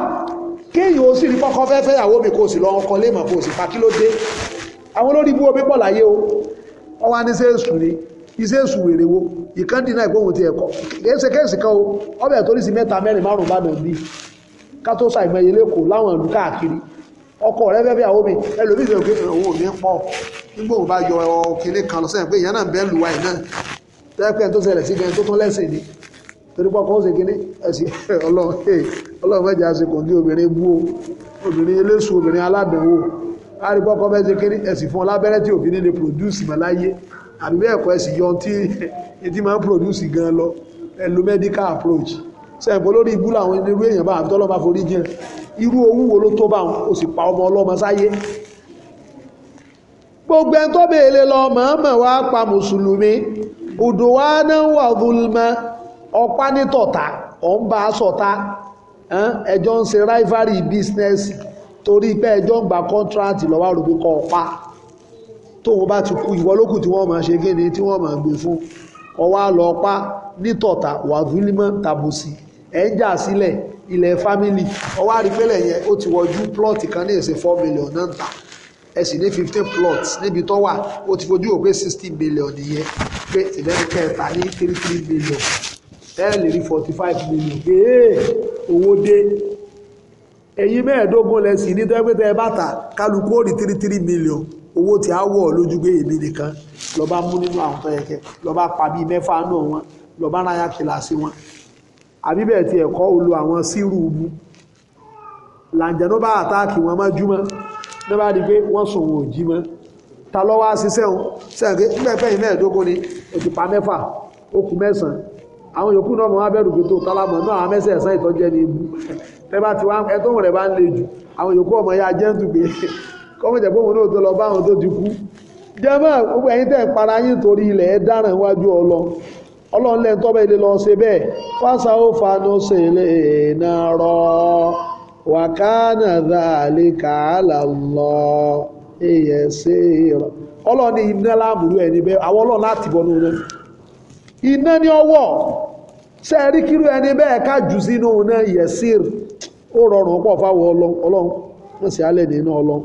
kéèyàn ó sì rí pọ́kọ́ fẹ́ fẹ́ yàwó mi kò sì lọ ọkọ lé mọ̀ kò sì pa kí ló dé àwọn olórí ibú omi pọ̀ láyé o wọ́n wá ní sẹ́ẹ̀sù ni iṣẹ́ èsù wèrè wo ìkàndínà ìgbóhun ti ẹ̀kọ́ kẹsẹ̀ kẹsì kan o ọbẹ̀ tó ní sí mẹ́ta mẹ́rin márùn-ún bá dàn bí kátó ṣàìmọye lẹ́kọ̀ọ́ láwọn ìlú káàkiri ọkọ rẹ fẹ́ bí àwọn obìnrin àríkọ́ kọ́fẹ́ ṣe kéré ẹ̀sìn fún ọlábẹ́rẹ́ tí òfin lè produce mọ́láyé àbí bẹ́ẹ̀ kọ́ ẹ̀sìn yọ tí etí máa ń produce gan lọ ẹ̀lò medical approach sẹ́ǹpọ̀ lórí ibú làwọn irú èèyàn bá àbí tọ́lọ́ bá forí jìn irú owó wo ló tó bá wọn ó sì pa ọmọ ọlọ́mọ sáyé gbogbo ẹni tó béèlè lọ mọ̀ọ́mọ̀ wá pa mùsùlùmí odò wa náà wà zulmọ́ ọ̀pá nítọ̀ta ọ̀ ń bá a sọ̀ta ẹjọ́ ń ṣe rivalry business torí pé ẹjọ́ ń gba kọ́ńtíráàtì lọ́wọ́ àrùbí kọ́ ọ̀pá tóun bá ti kú ìwọ lókù tí wọ́n máa ṣe kéde tí wọ́n máa gbé fún ọwọ́ àlọ́ ọ̀pá nítọ̀tà wàdúlímọ̀ tàbùsì ẹ̀ ń jà sílẹ̀ ilẹ̀ fámìlì ọwọ́ àrípẹ́lẹ̀ yẹn ó ti wọjú plọ́ọ̀tì kan ní èsè four million náà ta ẹ sì ní fifteen plots níbi tó wà ó ti fojú òpé sixteen million nìyẹn pé ìlẹ́nu kẹta ní three three million ẹ lè rí forty five million ee owó dé ẹ̀yin mẹ́ẹ̀ẹ́dógún lẹ́sìn ní tẹ́gbẹ́tẹ́ bàtà kálukú ó rí three three million owó tí a wọ̀ lójú gbé èmi nìkan lọ́ba mú nínú àwọn tó yẹ kẹ́ lọ́ba pa bíi mẹ́fà náà wọn lọ́ba ráyà kìláàsì wọn àbí bẹ́ẹ̀ ti ẹ̀kọ́ olo àwọn sírù ubu làǹjẹ̀nú bá àtáàkì wọn mọ́ júmọ́ ní bá di pé wọ́n sùn jí mọ́ ta lọ́ wá sí sẹ́wọ̀n sẹ́wọ̀n pé mẹ́fẹ́ yìí mẹ́ẹ̀ẹ́dógún ni ètò pa mẹ́fà ó kù mẹ́sàn-án àwọn yòókù náà mọ̀ wá bẹ̀rù pé tó tálámọ̀ náà àwọn ẹ̀sán ìtọ́jẹ́ ni ibu tẹ́bá ti wá ẹ tó rẹ̀ bá ń le jù àwọn yòókù ọmọ ya jẹ́ǹtù pé kọ́mọ̀jẹ̀ pé òun náà tó lọ bá tó ti kú jẹ́mọ́ gbogbo ẹ̀yin tẹ́ para yín torí ilẹ̀ ẹ dáràn wájú ọlọ ọlọ́run lẹ́yìn tọ́bẹ̀ ilé lọ ṣe bẹ́ẹ̀ fásá ó fanú sí ilé náà rọ wàkánà dàlí kàálà lọ èyẹ sí ọlọ́run ní iná láàmúlú ẹni bẹ́ẹ̀ àwọn ọlọ́run láti bọ́ nínú iná ní ọwọ́ sẹ́ẹ̀rí kírú ẹni bẹ́ẹ̀ ká jù sínú náà yẹ̀ ó rọrùn pọ̀ fáwọn ọlọ́run wọ́n sì alẹ́ nínú ọlọ́run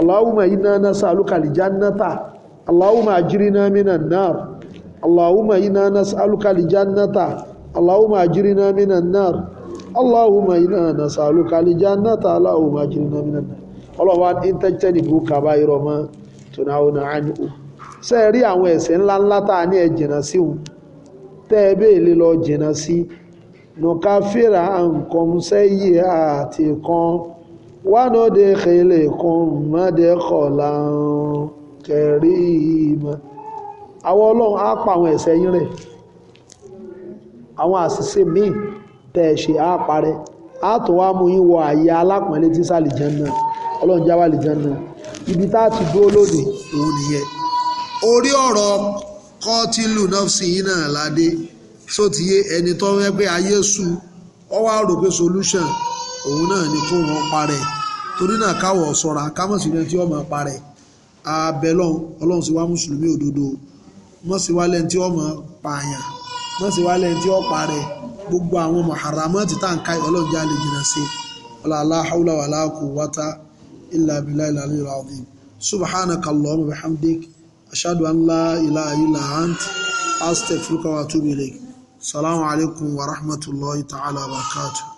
Allahumma inna nas'aluka al-jannata Allahumma ajirina minan nar Allahumma inna nas'aluka al-jannata Allahumma ajirina minan nar Allahumma inna nas'aluka al-jannata Allahumma ajirina minan nar ọlọ́wà ìtẹ́jẹ́ nìbú kaba irọ́ mọ́ tònáwọ́nà ánìkú sẹ́ẹ̀rí àwọn ẹ̀ṣẹ̀ ńláńlá tá a ní ẹ̀ jìnnà sí nukafira ankom sẹ́yì àti kan wánòde kele kan mọ́dé kọ̀ọ̀lá kẹrí ìmọ̀ àwọn ọlọ́run á pa àwọn ẹ̀ṣẹ̀ yín rẹ̀ àwọn àṣìṣe míì tẹ̀ ṣe á parẹ́ á tó wá mú yín wọ àyè alápọ̀nlé tí sá àlìjánnà ọlọ́run jáwá àlìjánnà ibi tá a ti dúró lónìí òun nìyẹn orí ọ̀rọ̀ kọ́tìlù nọ́ọ̀sì yín náà ládé sótìyé ẹni tó ń pẹ́ ayé su ọ wá rò pé solution òun náà ni kó wọn parẹ́ torí náà káwọ̀ ṣọ́ra kámọ̀sí lẹ́ni tí wọ́n máa parẹ́ abẹ́lọ́n ọlọ́run sì wá mùsùlùmí òdodo wọ́n sì wá lẹ́ni tí wọ́n máa pààyàn wọ́n sì wá lẹ́ni tí wọ́n parẹ́ gbogbo àwọn mọ̀hàrámọ́tì tá à ń ká ọlọ́run já lè jìnnà sí ọlọ́lá haúlá wàlá kò wáta ilà bílá ilà ilà ọ̀dín subhanaka allahumma bihamdik ashhadu an la ilaha illa ant astaghfiruka wa atubu ilayk السلام عليكم ورحمة الله تعالى وبركاته